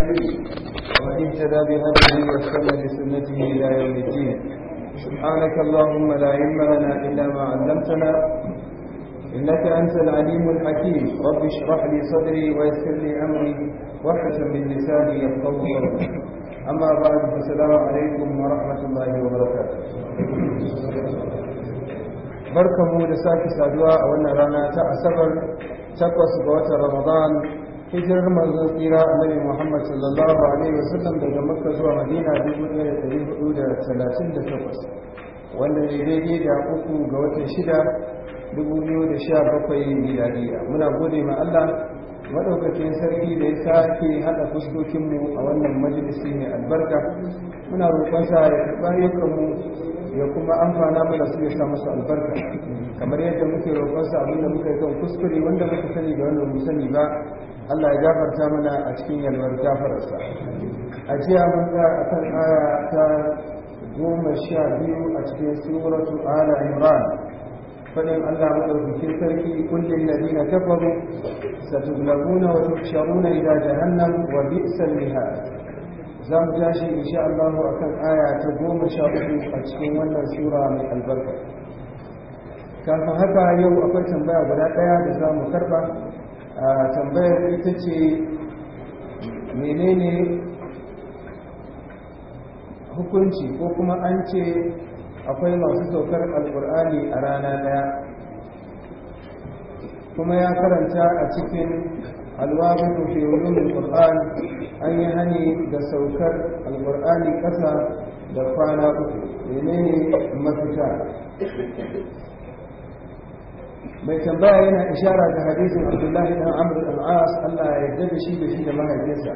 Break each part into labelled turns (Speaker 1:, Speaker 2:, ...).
Speaker 1: وإن اهتدى بهديه وسلم بسنته الى يوم الدين سبحانك اللهم لا علم لنا الا ما علمتنا انك انت العليم الحكيم رب اشرح لي صدري ويسر لي امري واحسن من لساني يفقه اما بعد فالسلام عليكم ورحمه الله وبركاته barkanmu da sake saduwa a wannan تقوى ta رمضان hijirar manzo tsira annabi Muhammad sallallahu alaihi wa wasallam daga Makka zuwa Madina takwas, wanda ne daidai da uku ga watan shida dubu biyu da sha 2017 miladiya muna gode ma Allah madaukakin sarki da ya sake haɗa fuskokinmu a wannan majalisi mai albarka muna roƙon sa ya karɓa mu ya kuma amfana mana su ya sa masa albarka kamar yadda muke roƙonsa abin da muka yi kan kuskure wanda muka sani da wanda mu sani ba Allah ya gafarta mana a cikin yalwar gafararsa a jiya mun ga akan aya ta goma sha biyu a cikin suratu ala imran فإن الله مدرك في الترك كل الذين كفروا ستغلبون وتحشرون إلى جهنم وبئس المهاد za mu tashi insha Allah a kan aya ta goma sha uku a cikin wannan sura mai albarka kafin haka yau akwai tambaya guda ɗaya da za mu karɓa tambayar ita ce menene hukunci ko kuma an ce akwai masu saukar alkur'ani a rana ɗaya kuma ya karanta a cikin alwabitu fi ulumul qur'an an yi hani da saukar alqur'ani kasa da kwana uku menene mafita mai tambaya yana ishara da hadisin abdullahi dan amr dan as Allah ya yarda da shi da shi da mahaifinsa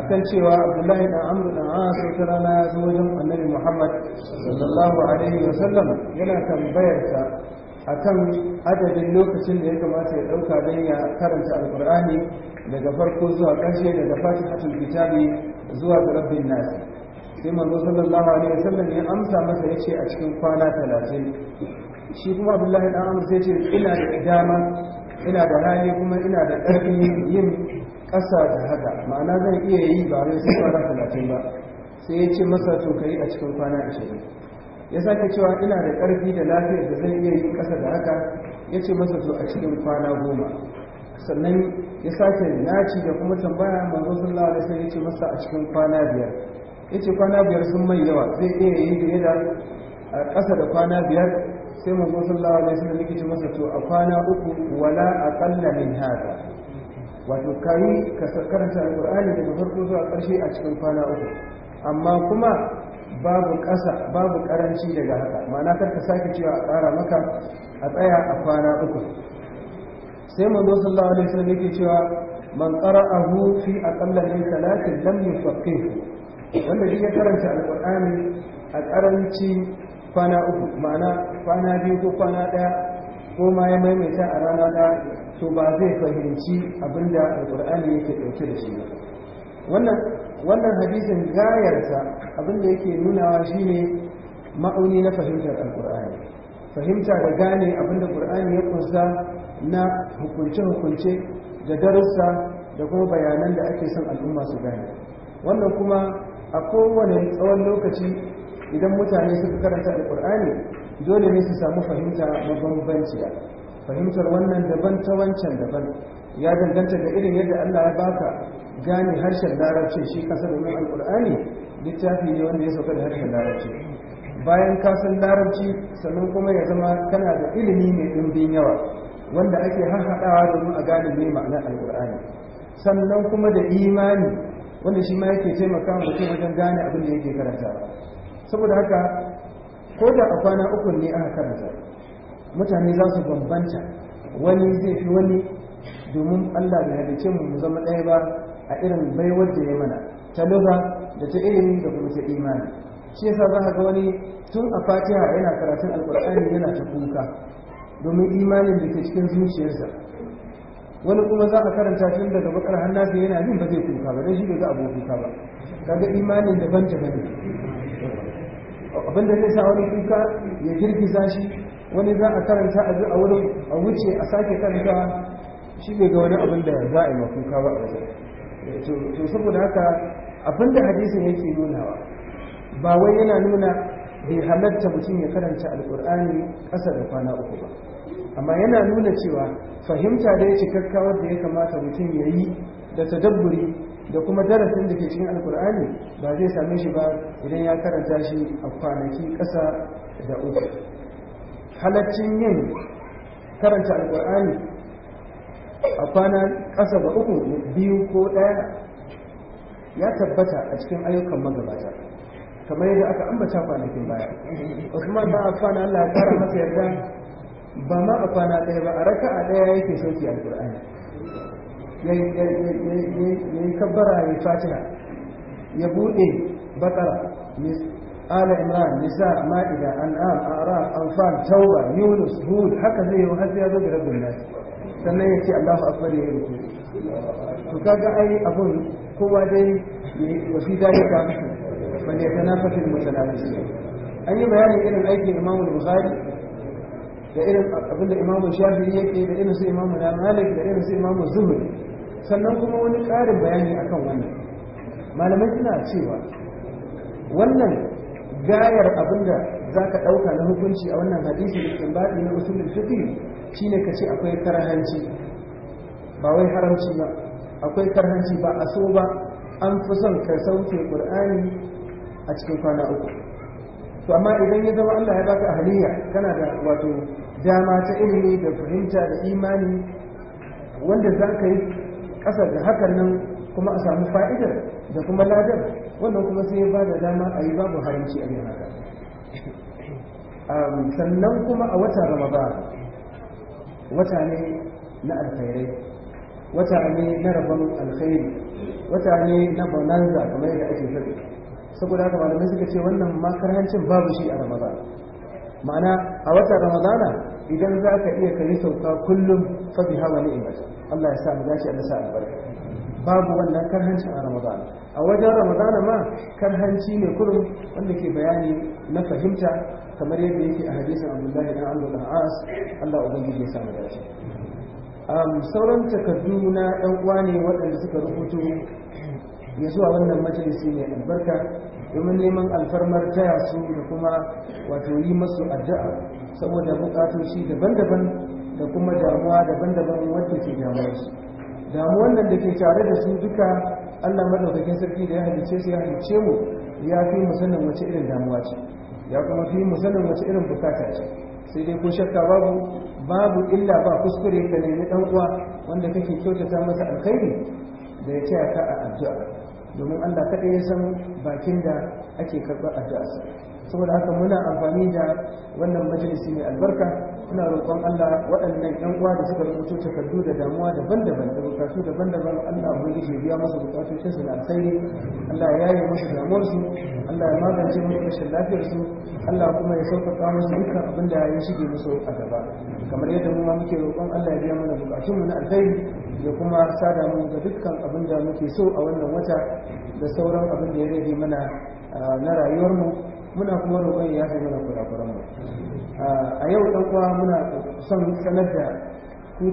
Speaker 1: akan cewa abdullahi dan amr dan as wata rana ya zo wajen annabi muhammad sallallahu alaihi wa sallam yana tambayar ta. a kan adadin lokacin da ya kamata ya ɗauka don ya karanta alkur'ani daga farko zuwa ƙarshe daga hatin kitabi zuwa ga rabbin Nasi. sai manzo sallallahu alaihi wasallam ya amsa masa ce a cikin kwana talatin. shi kuma abdullahi dan amsa ce ina da dama ina da hali kuma ina da ƙarfi yin ƙasa da haka ma'ana zan iya yi ba sai kwana talatin ba sai ya ce masa to kai a cikin kwana 20 ya sake cewa ina da ƙarfi da lafiyar da zai iya yin ƙasa da haka ya ce masa to a cikin kwana goma sannan ya sake naci da kuma tambaya manzo sallallahu alaihi wasallam ya ce masa a cikin kwana biyar ya ce kwana biyar sun mai yawa zai iya yi da yadda a ƙasa da kwana biyar sai manzo sallallahu alaihi wasallam ya ce masa to a kwana uku wala aqalla min hada wato kai ka karanta alqur'ani daga farko zuwa ƙarshe a cikin kwana uku amma kuma babu ƙasa babu ƙaranci daga haka ma'ana kar karka sake cewa a ƙara maka a tsaya a kwana uku sai manzo sallallahu alaihi wasallam yake cewa man qara'ahu fi aqalla min salatin lam yufaqihu wanda shi ya karanta alqur'ani a ƙaranci kwana uku ma'ana kwana biyu ko kwana ɗaya ko ma ya maimaita a rana ɗaya to ba zai fahimci abinda alqur'ani yake ɗauke da shi ba wannan wannan hadisin gayarsa abinda yake nunawa shine ma'auni na fahimtar alkur'ani fahimta da gane abinda qur'ani ya kunsa na hukunce-hukunce da darussa da kuma bayanan da ake son al'umma su gane wannan kuma a kowane tsawon lokaci idan mutane suka karanta alkur'ani dole ne su samu fahimta mabambanciya fahimtar wannan daban ta wancan daban ya danganta da irin yadda allah ya baka gane harshen larabci shi kasar mai alkur'ani littafi ne wanda ya sauka da harshen larabci bayan kasan larabci sannan kuma ya zama kana da ilimi mai ɗimbin yawa wanda ake harhaɗawa domin a gane mai ma'anar alkur'ani sannan kuma da imani wanda shi ma yake taimaka mutum wajen gane abin da yake karanta saboda haka ko da a kwana uku ne aka karanta mutane za su bambanta wani zai fi wani domin allah dace mu mu zama ɗaya ba a irin baiwar da ya mana ta lura da ta ilimi da kuma ta imani shi yasa za ga wani tun a fatiha yana karatun alkur'ani yana ta kuka domin imanin da ke cikin zuciyarsa wani kuma za ka karanta tun daga bakar hannasa yana jin ba zai kuka ba don shi bai ga abu kuka ba kaga imanin daban daban abin da zai sa wani kuka ya girgiza shi wani za a karanta a wurin a wuce a sake karanta shi bai ga wani abin da za a yi kuka ba a wajen to saboda haka abinda hadisin yake nunawa ba wai yana nuna bai halatta mutum ya karanta alkur'ani ƙasa da kwana uku ba amma yana nuna cewa fahimta da ya cikakka da ya kamata mutum ya yi da tadabburi da kuma darasin da ke cikin alkur'ani ba zai same shi ba idan ya karanta shi a kwanaki ƙasa da uku halaccin yin karanta alkur'ani a kwana ƙasa ga uku biyu ko ɗaya ya tabbata a cikin ayyukan magabata kamar yadda aka ambata kwanakin baya usman ba a kwana allah ya fara masa yarda ba ma a kwana ɗaya ba a raka a ɗaya yake sauki Al-ƙur'ani? ya yi kabbara ya fatiha ya buɗe bakara ala imran nisa ma'ida an'am Ara, anfan tauba yunus hud haka zai yi har sai ya zo da rabbul nasi sannan ya ce Allahu akbar ya yi to kaga ai abun kowa dai wa fi zalika fa ne tanafasul mutanafisun an yi bayanin irin aikin Imam Bukhari da irin abinda Imam Shafi'i yake da irin su Imam Malik da irin su Imam Zuhri sannan kuma wani ƙarin bayani akan wannan malamai suna cewa wannan gayar abinda za ka ɗauka na hukunci a wannan hadisi da baɗi na usulul fiqh Shi ne ka ce akwai karhanci ba wai haramci ba akwai karhanci ba a so ba an fi son ka sauke ƙur'ani a cikin kwana uku to amma idan ya zama Allah ya baka ahliya kana da wato dama ta ilimi da fahimta da imani wanda za ka yi ƙasa da hakan nan kuma a samu fa'idar da kuma ladar wannan kuma sai ya ba da dama a yi babu haramci a yin haka sannan kuma a wata ramadan wata ne na alkhairai wata ne na rabon alkhairi wata ne na bonanza kamar yadda ake faɗi saboda haka malamai suka ce wannan makarhancin babu shi a ramadan ma'ana a watan ramadana idan za ka iya kai sauka kullum fa bi hawa ni'imata Allah ya sa mu dace Allah sa albarka babu wannan karhancin a ramadana a wajen ramadana ma karhanci ne kurum wanda ke bayani na fahimta kamar yadda yake a hadisin abdullahi dan amru da as Allah ubangiji ya samu dace sauran takardu na ɗan uwa ne waɗanda suka rubuto ya zuwa wannan majalisi mai albarka domin neman alfarmar taya su da kuma wato yi masu addu'a saboda bukatoci daban-daban da kuma damuwa daban-daban wadda ke damuwar su damuwan nan da ke tare da su duka Allah madaukakin sarki da ya halice su ya halice mu ya fi mu sannan wace irin damuwa ce ya kuma fi musanin wace irin bukata ce sai dai ko shakka babu babu illa ba kuskure ka nemi dan uwa wanda kake kyautata masa alkhairi da ya taya ka a addu'a domin Allah kaɗai ya san bakin da ake karɓar addu'a saboda haka muna amfani da wannan majalisi mai albarka ina roƙon Allah waɗannan ƴan uwa da suka rubuto takardu da damuwa daban-daban da bukatu daban-daban Allah ubangiji ya biya musu bukatocin su alkhairi Allah ya yi musu damuwar su Allah ya magance musu rashin lafiyar su Allah kuma ya sauƙaƙa musu dukkan abin da ya shige musu a gaba kamar yadda mu muke roƙon Allah ya biya mana bukatun mu na alkhairi ya kuma sada mu ga dukkan abin da muke so a wannan wata da sauran abin da ya rage mana ah, na rayuwarmu muna kuma roƙon ya fi mana kurakuran mu a yau ɗan kuwa muna son sanar da ku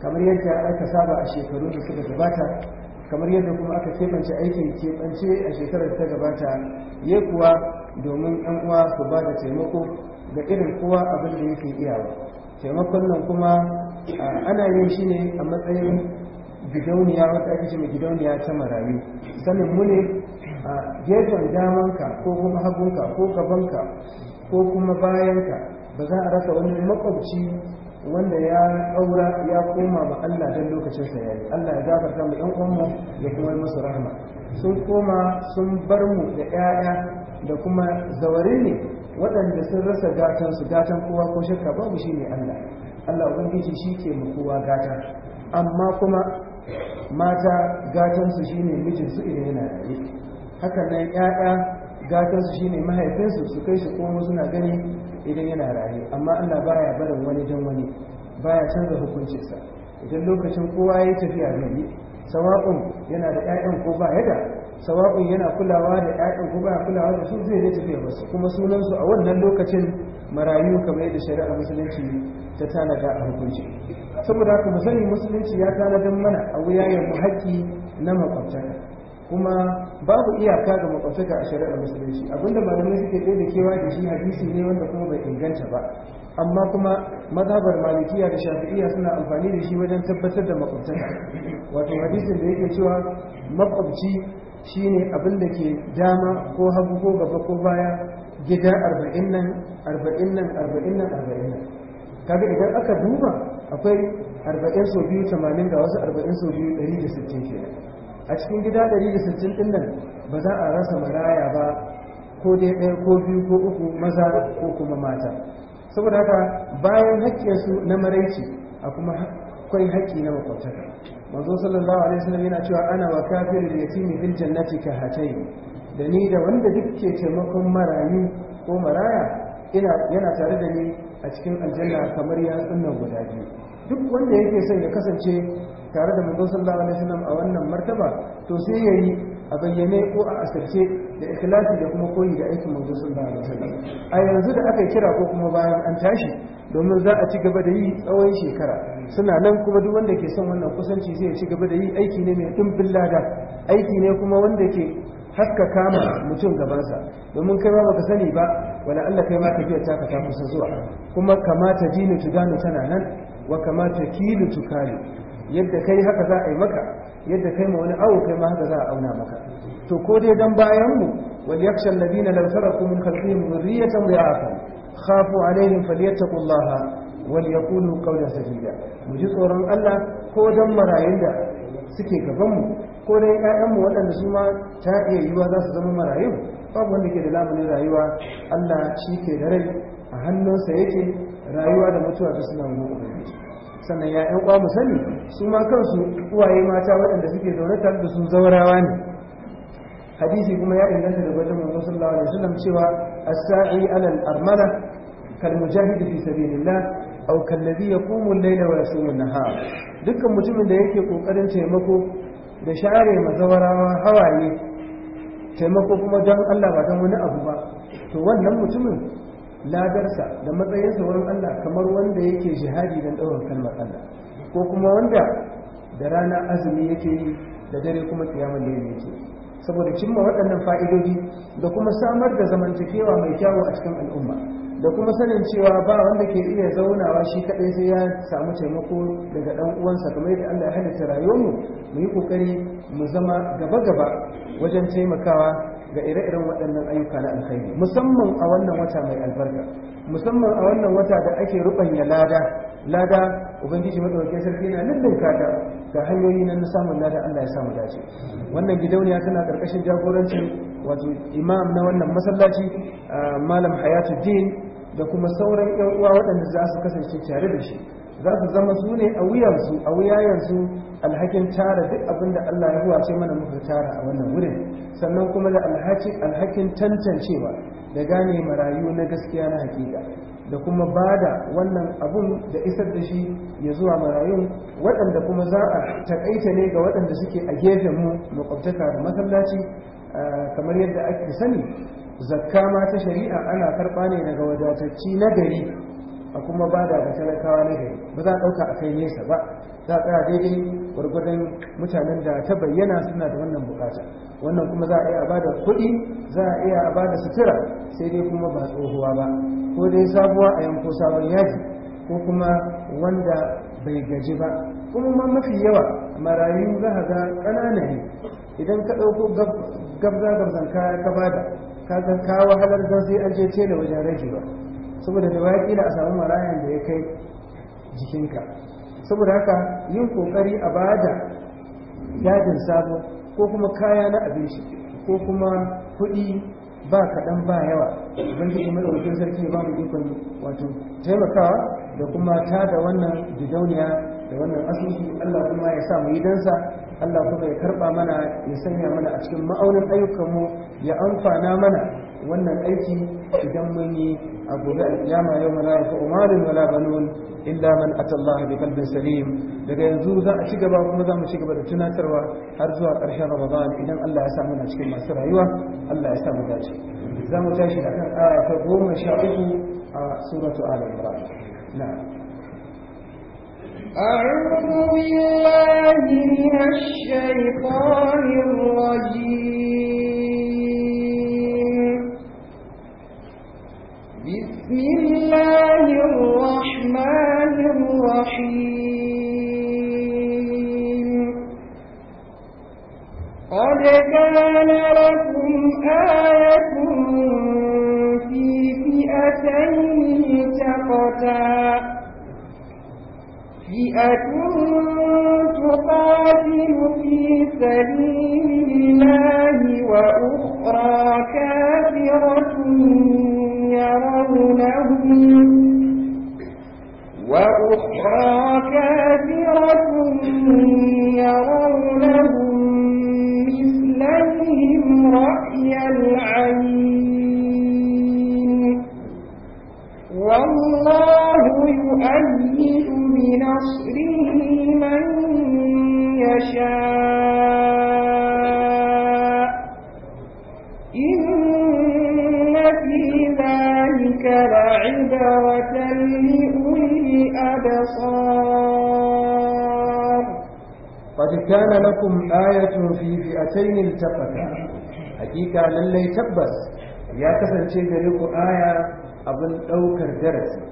Speaker 1: kamar yadda aka saba a shekaru da suka gabata kamar yadda kuma aka keɓance aikin keɓance a shekarar ta gabata ya kuwa domin ɗan uwa su ba da taimako ga irin kowa abin da yake iya. taimakon nan kuma ana yin shi ne a matsayin gidauniya wata ake ce gidauniya ta marayu sanin mu ne a gefen damanka ko kuma hagunka ko gabanka ko kuma bayanka ba za a rasa wani makwabci wanda ya aura ya koma ba Allah don lokacinsa ya yi Allah ya gafarta mu ɗan uwanmu ya kuma masu rahama sun koma sun bar mu da ƴaƴa da kuma zawari ne waɗanda sun rasa gatan su gatan kowa ko shakka babu shi ne Allah Allah ubangiji shi ke mu kowa gata amma kuma mata gatan su shine mijin su idan yana raye hakan nan ya'ya su shine mahaifinsu su kai su komo suna gani idan yana raye amma Allah baya barin wani dan wani baya canza hukuncinsa idan lokacin kowa ya tafiya gari sawa'un yana da ƴaƴan ko ba yada sawa'un yana kulawa da ƴaƴan ko ba kulawa da su zai da tafiya su kuma sunansu a wannan lokacin marayu kamar yadda shari'ar musulunci ta tanada a hukunci saboda haka mu sani musulunci ya tanadan mana a wuyayen mu haƙƙi na makwabtaka kuma babu iyaka ga makwabtaka a shari'ar musulunci abinda malamai suke ɗaya da kewa da shi hadisi ne wanda kuma bai inganta ba amma kuma mazhabar malikiya da shafi'iya suna amfani da shi wajen tabbatar da makwabtaka wato hadisin da yake cewa makwabci shine abin da ke dama ko hagu ko gaba ko baya gida arba'in nan arba'in nan arba'in nan arba'in nan kaga idan aka duba akwai arba'in sau biyu tamanin ga wasu arba'in sau biyu ɗari da sittin kenan a cikin gida 160 din nan ba za a rasa maraya ba ko dai ɗaya ko biyu ko uku maza ko kuma mata saboda haka bayan haƙƙinsu na maraici a kuma akwai haƙƙi na makwabtaka manzo sallallahu alaihi wasallam yana cewa ana wa kafirul yatimi fil jannati ka hatai da ni da wanda duk ke taimakon marayu ko maraya yana tare da ni a cikin aljanna kamar yatsun nan guda biyu duk wanda yake son ya kasance tare da manzo sallallahu alaihi wasallam a wannan martaba to sai yayi a bayyane ko a asirce da ikhlasi da kuma koyi da aikin manzon sallallahu alaihi wasallam a yanzu da aka kira ko kuma bayan an tashi domin za a ci gaba da yi tsawon shekara suna nan kuma duk wanda ke son wannan kusanci zai ci gaba da yi aiki ne mai dimbin lada aiki ne kuma wanda ke haska kama mutum gabansa domin kai ma baka sani ba wala Allah kai ma biya taka ta kusa zuwa kuma kamata tu gano tana nan wa kamata kilu kali yadda kai haka za a yi maka yadda kai ma wani awo kai ma haka za a auna maka to ko dai dan bayan mu wal yakhsha alladhina law saraku min khalqihim dhurriyatan dha'afan khafu alaihim falyattaqullaha wal yaqulu qawlan sadida mu ji tsoron Allah ko dan marayun da suke gaban mu ko dai ƴaƴan mu waɗanda su ma ta iya yiwa za su zama marayu babu wanda ke da lamunin rayuwa Allah shi ke da rai a hannunsa yake rayuwa da mutuwa duk suna mu ubangiji sannan ya ƴan ƙwa su ma kansu uwaye mata waɗanda suke zaune tare da su zaurawa ne hadisi kuma ya inganta da gwajin manzon sallallahu alaihi wasallam cewa as-sa'i ala al-armala kal mujahid fi sabilillah aw kal ladhi yaqumu al-layla wa yasumu an-nahar dukkan mutumin da yake kokarin taimako da share mazawarawa hawaye taimako kuma don Allah ba don wani abu ba to wannan mutumin ladarsa da matsayinsa wurin Allah kamar wanda yake jihadi don ɗaurin kalmar Allah ko kuma wanda da rana azumi yake yi da dare kuma kiyamar da yake saboda cimma waɗannan fa'idodi da kuma samar da zamantakewa mai kyawu a cikin al'umma da kuma sanin cewa ba wanda ke iya zaunawa shi kaɗai sai ya samu taimako daga ɗan uwansa kamar yadda Allah ya halitta rayuwarmu mu yi ƙoƙari mu zama gaba-gaba wajen taimakawa ga ire-iren waɗannan ayyuka na alkhairi musamman a wannan wata mai albarka musamman a wannan wata da ake ya lada lada ubangiji madaukakin sarki na lullun kata ga hanyoyi na samun lada Allah ya samu dace wannan gidauniya tana karkashin jagorancin wato imam na wannan masallaci ah, malam hayatuddin da kuma sauran yan uwa waɗanda za su kasance tare da shi za su zama su ne a wuyansu a wuyayensu alhakin tara duk abin da Allah ya sai mana muka tara a wannan wurin sannan kuma da alhakin tantancewa da gane marayu na gaskiya na hakika da kuma ba da wannan abun da isar da shi ya zuwa marayun waɗanda kuma za a taƙaita ne ga waɗanda suke a gefen mu makwabtaka da masallaci kamar yadda ake sani zakka ma ta shari'a ana karɓa ne daga wadatacci na gari a kuma ba da talakawa na gari ba za a ɗauka a kai nesa ba za a tsaya daidai gwargwadon mutanen da ta bayyana suna da wannan bukata wannan kuma za a iya ba da kuɗi za a iya ba da sutura sai dai kuma ba tsohuwa ba ko dai sabuwa a yanko sabon yaji ko kuma wanda bai gaji ba kuma ma mafi yawa marayu za a ga ƙanana ne idan ka ɗauko gabza gabzan kaya ka bada ka ga ka wahalar zan sai an je da wajen rage ba saboda da waya kila a samu marayan da ya kai jikinka saboda haka yin kokari a bada yadin sabo ko kuma kaya na abinci ko kuma kuɗi ba kaɗan ba yawa ubangiji mai ɗaukin sarki ba mu ikon wato taimakawa da kuma ta da wannan gidauniya da wannan asusu Allah kuma ya sa mu yi dansa Allah kuma ya karɓa mana ya sanya mana a cikin ma'aunin ayyukanmu ya amfana mana wannan aiki idan mun yi a gobe alkiyama yau mana rufa umarin wala banun illa man atallaha bi qalbin salim daga yanzu za a ci gaba kuma za mu ci gaba da tunatarwa har zuwa ƙarshen ramadan idan Allah ya sa muna cikin masu rayuwa Allah ya sa mu dace za mu tashi da kan aya ta goma sha uku a suratu ali imran na'am
Speaker 2: أعوذ بالله من الشيطان الرجيم
Speaker 1: lallai tabbas ya kasance da ku aya abin ɗaukar darasi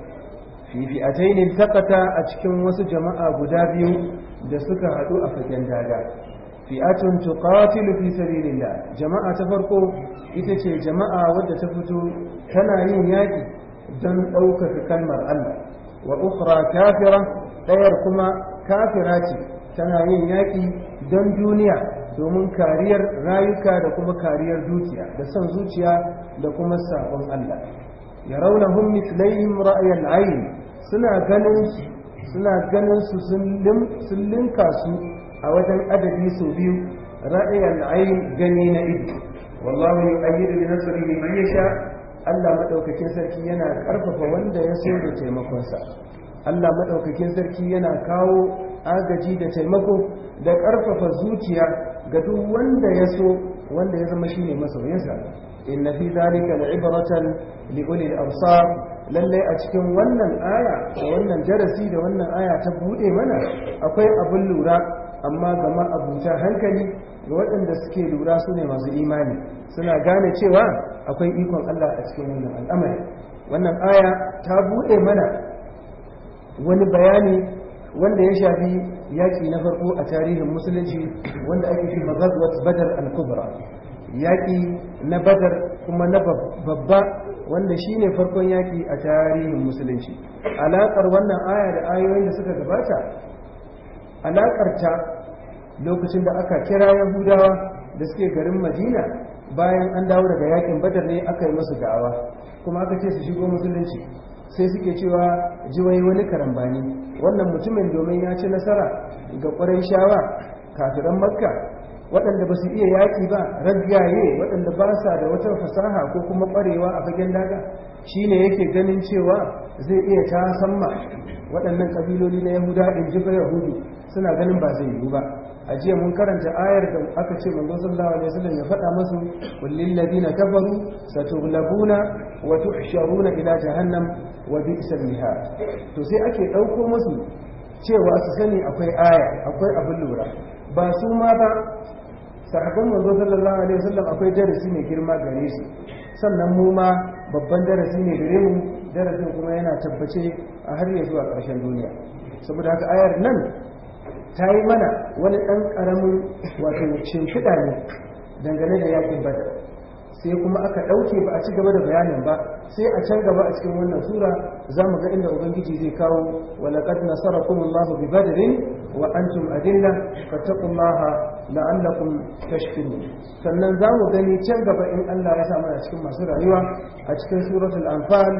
Speaker 1: fi ne takata a cikin wasu jama'a guda biyu da suka haɗu a fagen daga fi'atun tuqatilu fi sabilillah jama'a ta farko ita ce jama'a wadda ta fito tana yin yaƙi don ɗaukar kalmar Allah wa ukhra kafira ɗayar kuma kafira ce tana yin yaƙi don duniya domin kariyar rayuka da kuma kariyar zuciya da son zuciya da kuma sabon Allah ya raunahum mislaihim ra'ayan ayin suna ganin su suna ganin su sun linka su a wajen adadi sau biyu ra'ayin ayin gani na ido wallahu yu'ayyidu bi nasrihi man yasha Allah madaukakin sarki yana ƙarfafa wanda ya so da taimakonsa Allah madaukakin sarki yana kawo agaji da taimako da ƙarfafa zuciya ga duk wanda ya so wanda ya zama shine masoyinsa inna fi zalika la'ibratan li al absar lalle a cikin wannan aya da wannan jarasi da wannan aya ta bude mana akwai abun lura amma ga ma abuta hankali ga waɗanda suke lura su ne masu imani suna gane cewa akwai ikon Allah a cikin wannan al'amari wannan aya ta bude mana wani bayani wanda ya shafi yaƙi na farko a tarihin musulunci wanda ake fi badar al-kubra yaƙi na badar kuma na babba wanda shi ne farkon yaƙi a tarihin musulunci alaƙar wannan aya da ayoyin da suka gabata ta lokacin da aka kira yahudawa da suke garin madina bayan an dawo daga yaƙin badar ne aka yi masu da'awa kuma aka ce su shigo musulunci sai suke cewa jiwai wani karambani wannan mutumin domin ya ci nasara ga ƙwarai shawa kafiran makka waɗanda ba su iya yaƙi ba raggaye waɗanda ba sa da wata fasaha ko kuma ƙwarewa a fagen daga ne yake ganin cewa zai iya ta samma waɗannan ƙabiloli na yahuda in ji yahudi suna ganin ba zai yiwu ba a jiya mun karanta ayar da aka ce manzo sallallahu alaihi wasallam ya faɗa masu kullil ladina kafaru satughlabuna wa tuhsharuna ila jahannam wa bi'sal to sai ake ɗauko musu cewa su sani akwai aya akwai abin lura ba su ma ba sahabban manzo sallallahu alaihi wasallam akwai darasi ne girma gare su sannan mu ma babban darasi ne gare mu darasin kuma yana tabbace a har yanzu a ƙarshen duniya saboda haka ayar nan ta yi mana wani ɗan ƙaramin wato shimfiɗa ne dangane da yakin badar sai kuma aka ɗauke ba a ci gaba da bayanin ba sai a can gaba a cikin wannan sura za mu ga inda ubangiji zai kawo walaƙad nasarakumullahu bi badrin wa antum adilla maha la'allakum tashkurun sannan za mu gani can gaba in Allah ya sa a cikin masu rayuwa a cikin suratul anfal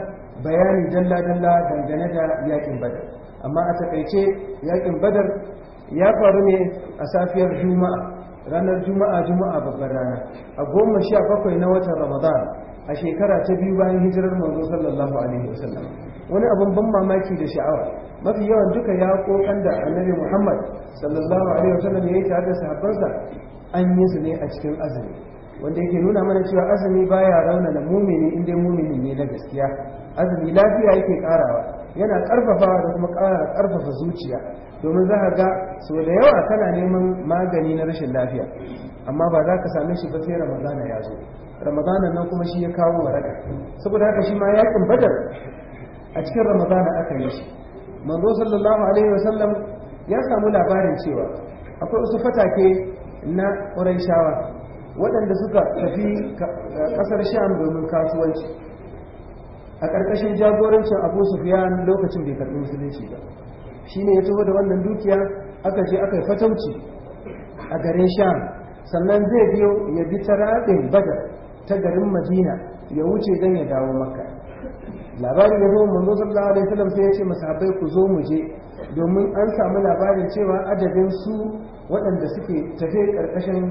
Speaker 1: bayani dalla dalla dangane da yaƙin badar amma a taƙaice yaƙin badar ya faru ne a safiyar juma'a ranar juma'a juma'a babbar rana a goma sha bakwai na watan ramadan a shekara ta biyu bayan hijirar manzo sallallahu alaihi wasallam wani abin ban mamaki da sha'awa mafi yawan duka ya kokan da annabi muhammad sallallahu alaihi wasallam ya yi tare da sahabbansa an yi su ne a cikin azumi wanda yake nuna mana cewa azumi baya raunana mumini in dai mumini ne na gaskiya azumi lafiya yake karawa yana ƙarfafawa da kuma kara karfafa zuciya domin za ka ga sau da yawa kana neman magani na rashin lafiya amma ba za ka same shi ba sai ramadana ya zo ramadana nan kuma shi ya kawo waraka saboda haka shi ma yakin badar a cikin ramadana aka yi shi manzo sallallahu alaihi wasallam ya samu labarin cewa akwai wasu fatake na ƙurayshawa waɗanda suka tafi ƙasar sham domin kasuwanci a ƙarƙashin jagorancin abu sufiyan lokacin bai karɓi musulunci ba Shi ne ya taho da wannan dukiya aka ce aka yi fatauci a garin sham sannan zai biyo ya bi ta raɗin bada ta garin madina ya wuce don ya dawo makka labarin ya zo manzo sallallahu alaihi wasallam sai ya ce masahabai ku zo mu je domin an samu labarin cewa adadin su waɗanda suke tafe ƙarƙashin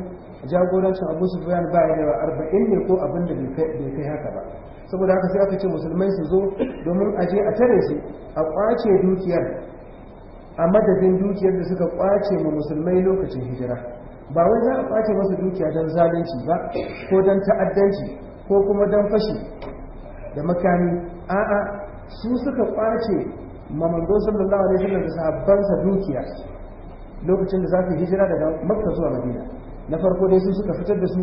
Speaker 1: jagorancin abu sufyan ba ya yawa arba'in ne ko abin da bai kai haka ba saboda haka sai aka ce musulmai su zo domin a je a tare su a ƙwace dukiyar a madadin dukiyar da suka kwace ma musulmai lokacin hijira ba wai za a kwace masa dukiya don zalunci ba ko don ta'addanci ko kuma don fashi da makami a'a su suka kwace ma sallallahu alaihi wasallam da sahabbansa dukiya lokacin da za su hijira daga makka zuwa madina na farko dai su suka fitar da su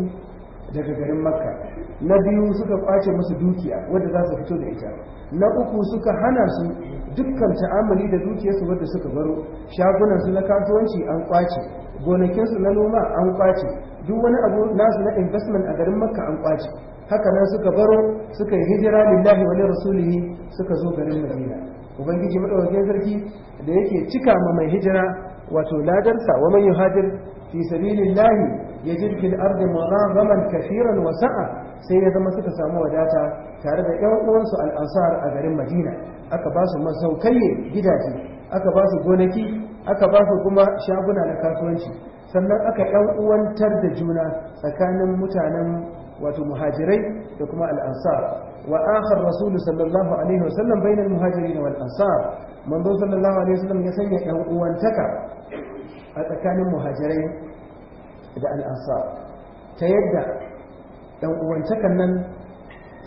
Speaker 1: daga garin makka na biyu suka kwace musu dukiya wadda za su fito da ita na uku suka hana su dukkan ta'amali da dukiyarsu wadda suka baro shagunansu na kasuwanci an kwace gonakinsu na noma an kwace duk wani abu nasu na investment a garin makka an kwace haka nan suka baro suka yi hijira lillahi wa rasulihi suka zo garin madina ubangiji madawakin sarki da yake cika ma mai hijira wato ladarsa wa man yuhajir fi sabilillahi yajid fil ardi munazaman kafiran wa sa'a sai ya zama suka samu wadata tare da ƴan uwansu al'ansar a garin Madina aka ba su masaukaye gidaje aka ba su gonaki aka ba su kuma shaguna na kasuwanci sannan aka ƴan uwantar da juna tsakanin mutanen wato muhajirai da kuma al-ansar وآخر رسول صلى الله عليه وسلم بين المهاجرين والأنصار sallallahu alaihi الله عليه وسلم يسنى أن a tsakanin muhajirai. da al'asa ta yadda ɗan uwantakan nan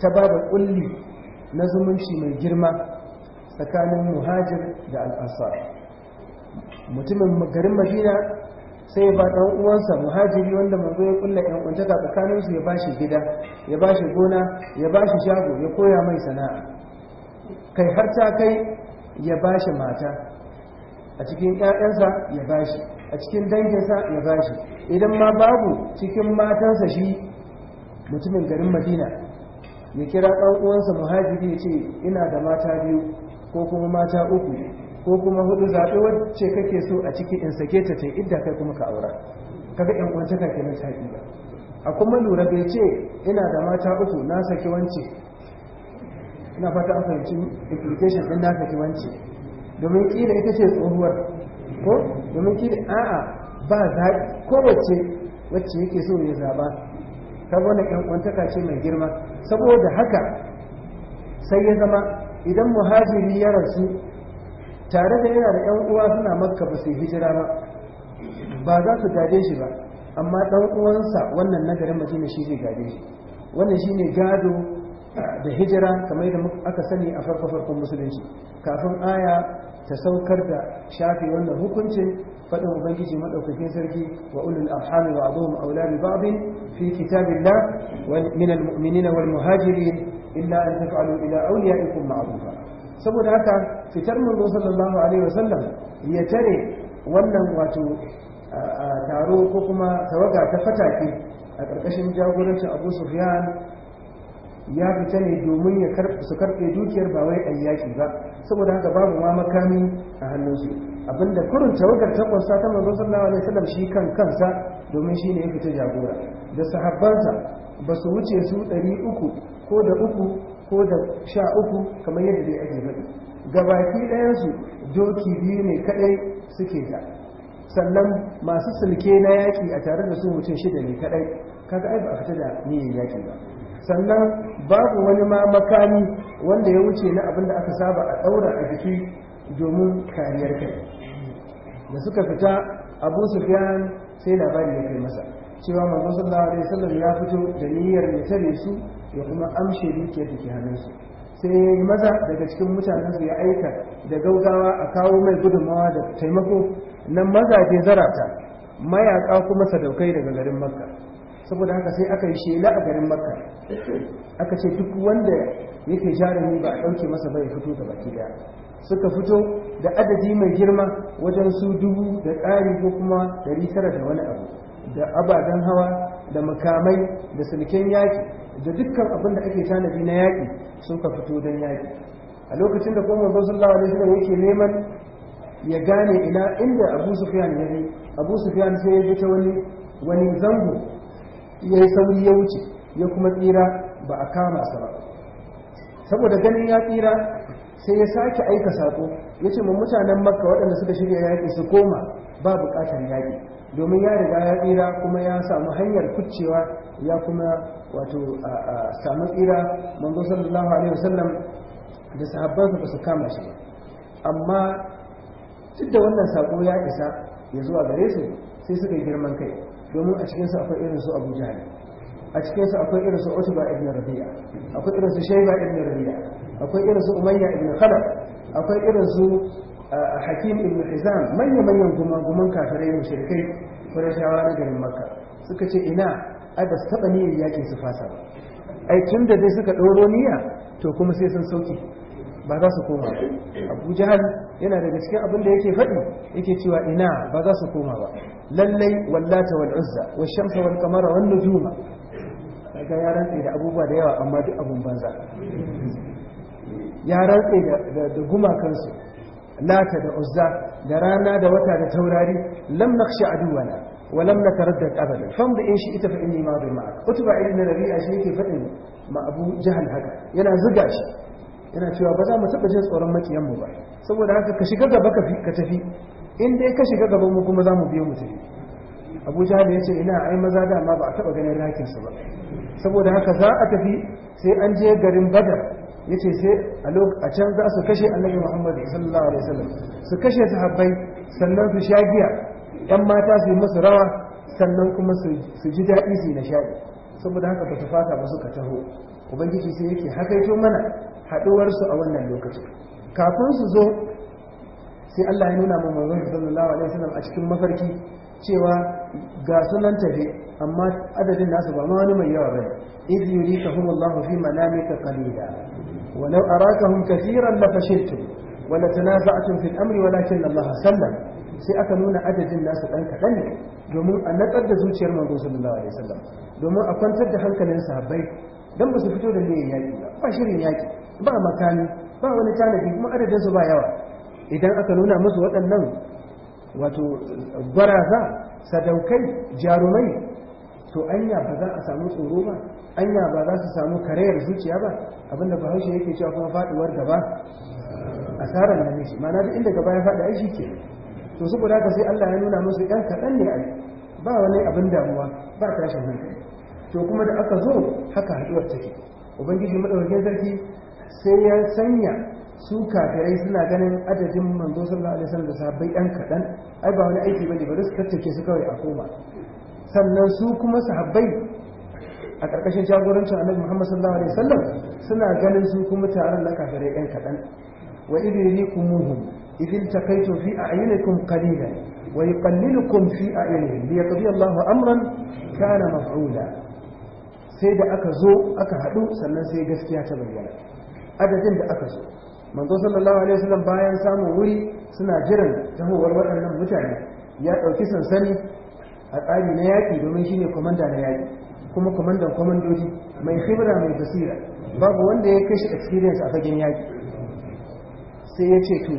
Speaker 1: ta ba da ƙulli na zumunci mai girma tsakanin muhajir da al'asa. mutumin garin madina sai ba ɗan uwansa muhajiri wanda mazo ya ƙulla ɗan untaka tsakanin su ya shi gida ya ba shi gona ya ba shi shago ya koya mai sana'a kai har ta kai ya ba shi mata a cikin ƴaƴansa ya ba shi. a cikin danginsa ya ba shi. idan ma babu cikin matansa shi mutumin garin madina ya kira ɗan'uwansa muhajiri ya ce ina da mata biyu ko kuma mata uku ko kuma hudu zaɓe wacce kake so a ciki in sake ta ta idda kai kuma ka aura kaga yan kwanci kake kenan ta ba a kuma lura bai ce ina da mata uku na sake wance ina fata an fahimci implication din na sake wance domin kila ita ce tsohuwar ko domin kila a'a ba zaɓi kowace wacce yake so ya zaba ta wani ƴan'uwantaka ce mai girma saboda haka sai ya zama idan muhajiri ya rasu tare da yana da ƴan uwa suna makka ba su hijira ba ba za su gade shi ba amma ɗan uwansa wannan na garin mutum shi zai gade shi wannan shi ne gado da hijira kamar da aka sani a farko farkon musulunci kafin aya ta saukar da shafi wannan hukuncin faɗin ubangiji maɗaukakin sarki wa ulul arhami wa abuhum aula bi ba'd fi kitabillah wa min almu'minina wal muhajirin illa an taf'alu ila awliyaikum ma'rufa saboda haka fitar manzo sallallahu alaihi wa sallam, ya tare wannan wato taro ko kuma tawaga ta fatake a ƙarƙashin jagorancin Abu Sufyan ya fita ne domin ya su karɓe dukiyar ba wai a yaƙi ba saboda haka babu ma makami a hannunsu abinda kurin tawagar ta kunsa ta manzo sallallahu alaihi wasallam shi kan kansa domin shi ne ya fita jagora da sahabbansa ba su wuce su ɗari uku ko da uku ko da sha uku kamar yadda dai ake faɗi gabaki ɗayansu doki biyu ne kaɗai suke da sannan masu sulke na yaƙi a tare da su mutum shida ne kaɗai kaga ai ba a fita da niyyar yaƙi ba sannan babu wani ma makami wanda ya wuce na abin da aka saba a ɗaura a jiki domin kariyar kai da suka fita abu sufyan sai labari ya kai masa cewa manzo sallallahu alaihi wasallam ya fito da niyyar ya tare su ya kuma amshe duk da ke hannunsu sai ya yi maza daga cikin mutanensu ya aika da gaugawa a kawo mai gudunmawa da taimako nan maza ke zarata mayaka kuma sadaukai daga garin makka saboda haka sai aka yi shela a garin makka aka ce duk wanda yake jarumi ba a ɗauke masa bai fito da baki daya suka fito da adadi mai girma wajen su dubu da ƙari ko kuma ɗari tara da wani abu da ababen hawa da makamai da sulken yaƙi da dukkan abin da ake tanadi na yaƙi suka fito don yaƙi a lokacin da kuma manzo sallallahu alaihi wasallam yake neman ya gane ina inda Abu Sufyan ya yi Abu Sufyan sai ya bi ta wani wani zango ya yi sauri ya wuce ya kuma tsira ba a kama sa ba saboda ganin ya tsira sai ya sake aika sako ya ce mu mutanen makka waɗanda suka shirya yaƙi su koma ba buƙatar yaƙi domin ya riga ya tsira kuma ya samu hanyar kucewa ya kuma wato samu tsira manzo sallallahu alaihi wasallam da sahabban ba su kama shi amma duk da wannan sako ya isa ya zuwa gare su sai suka yi girman kai domin a cikinsu akwai irin su abu jahil a cikinsu akwai irin su ba ibn rabi'a akwai irin su shaiba ibn rabi'a akwai irin su umayya ibn khalaf akwai irin su hakim ibn hizam manya manyan kuma guman kafirai mushrikai qurayshawa na garin makka suka ce ina a da saba ne niyyar su fasa ba ai tun da dai suka ɗoro niyya to kuma sai sun sauki ba za su koma abu jahal yana daga cikin abin da yake faɗi yake cewa ina ba za su koma ba lallai wallata wal uzza wa shamsa wal qamara wan nujuma kaga ya rantsa da abubuwa da yawa amma duk abun banza ya rantsa da da su lata da uzza da rana da wata da taurari lam nakhsha aduwana wa lam nataraddad abadan famdi in shi ita fa inni ma'dun ma'ak kutuba ilmin rabi'a shi yake fadin ma abu jahal haka yana zuga shi yana cewa ba za mu taɓa jin tsoron makiyanmu ba saboda haka ka shiga gaba ka tafi in dai ka shiga gaban mu kuma za mu biyo mu tafi abu jahal ya ce ina ai maza dama ba a taɓa ganin rakinsa ba saboda haka za a tafi sai an je garin badar ya ce sai a can za su kashe annabi muhammad sallallahu alaihi wasallam su kashe sahabbai sannan su sha giya yan mata su yi musu rawa sannan kuma su ji daɗi su yi nishaɗi saboda haka ba su fata ba suka taho ubangiji sai yake hakaito mana haɗuwarsu a wannan lokacin kafin su zo sai Allah ya nuna mun manzon sallallahu alaihi wasallam a cikin mafarki cewa ga sunan tafe amma adadin nasu ba ma wani mai yawa bane idh yurikahum Allahu fi manamika qalila walau arakahum kathiran la fashiltum tanaza'tum amri walakin Allah sallam sai aka nuna adadin nasu dan kadan ne domin a natsar da zuciyar manzon sallallahu alaihi wasallam domin a kwantar da hankalin sahabbai dan ba su fito da niyyar yaki ba ba shirin yaki ba makami ba wani tanadi kuma adadin su ba yawa idan aka nuna musu waɗannan wato gwaraza sadaukai jarumai to anya ba za a samu tsoro ba anya ba za su samu karayar zuciya ba abinda haushe yake cewa kuma faduwar gaba asarar da nishi mana duk inda gaba ya faɗi ai ke. to saboda haka sai Allah ya nuna musu ɗan kaɗan ne yi? ba wani abin damuwa ba tashin hankali to kuma da aka zo haka haɗuwar take ubangiji madaukakin sarki sai ya sanya su kafirai suna ganin adadin manzo sallallahu alaihi wasallam da sahabbai ɗan kaɗan ai ba wani aiki bane ba su tattake su kawai a koma sannan su kuma sahabbai a ƙarƙashin jagorancin annabi Muhammad sallallahu alaihi wasallam suna ganin su kuma taron na kafirai ɗan kaɗan wa idrikumuhum idil takaitu fi a'yunikum qalilan wa yuqallilukum fi a'yunihim li yaqdi Allahu amran kana maf'ula sai da aka zo aka haɗu sannan sai gaskiya ta bayyana adadin da aka zo manzo sallallahu alaihi wasallam bayan samun wuri suna jiran tahowar waɗannan mutane ya ɗauki sansani a tsari na yaƙi domin shine komanda na yaƙi kuma komandan komandoji mai khibra mai basira babu wanda ya kashi experience a fagen yaƙi sai ya ce to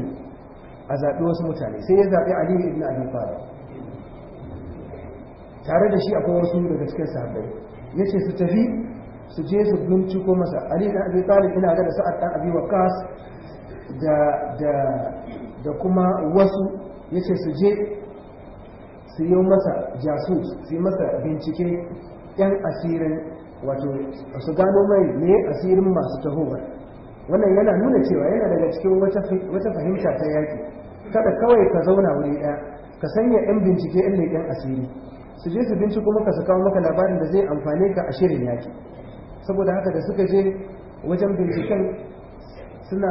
Speaker 1: a zaɓi wasu mutane sai ya zaɓi Ali ibn Abi Talib tare da shi akwai wasu daga cikin sahabbai yace su tafi su je su binciko masa Ali ibn Abi Talib ina ga da Sa'ad dan Abi waqas da kuma wasu ya ce su je su yi masa jasus su yi masa bincike 'yan asirin wato su gano mai ne asirin masu tahowar wannan yana nuna cewa yana daga cikin wata fahimta ta yaki kada kawai ka zauna wuri ɗaya ka sanya 'yan bincike 'yan leƙen asiri su je su kuma ka su kawo maka labarin da zai amfane ka a shirin yaki saboda haka da suka je wajen binciken suna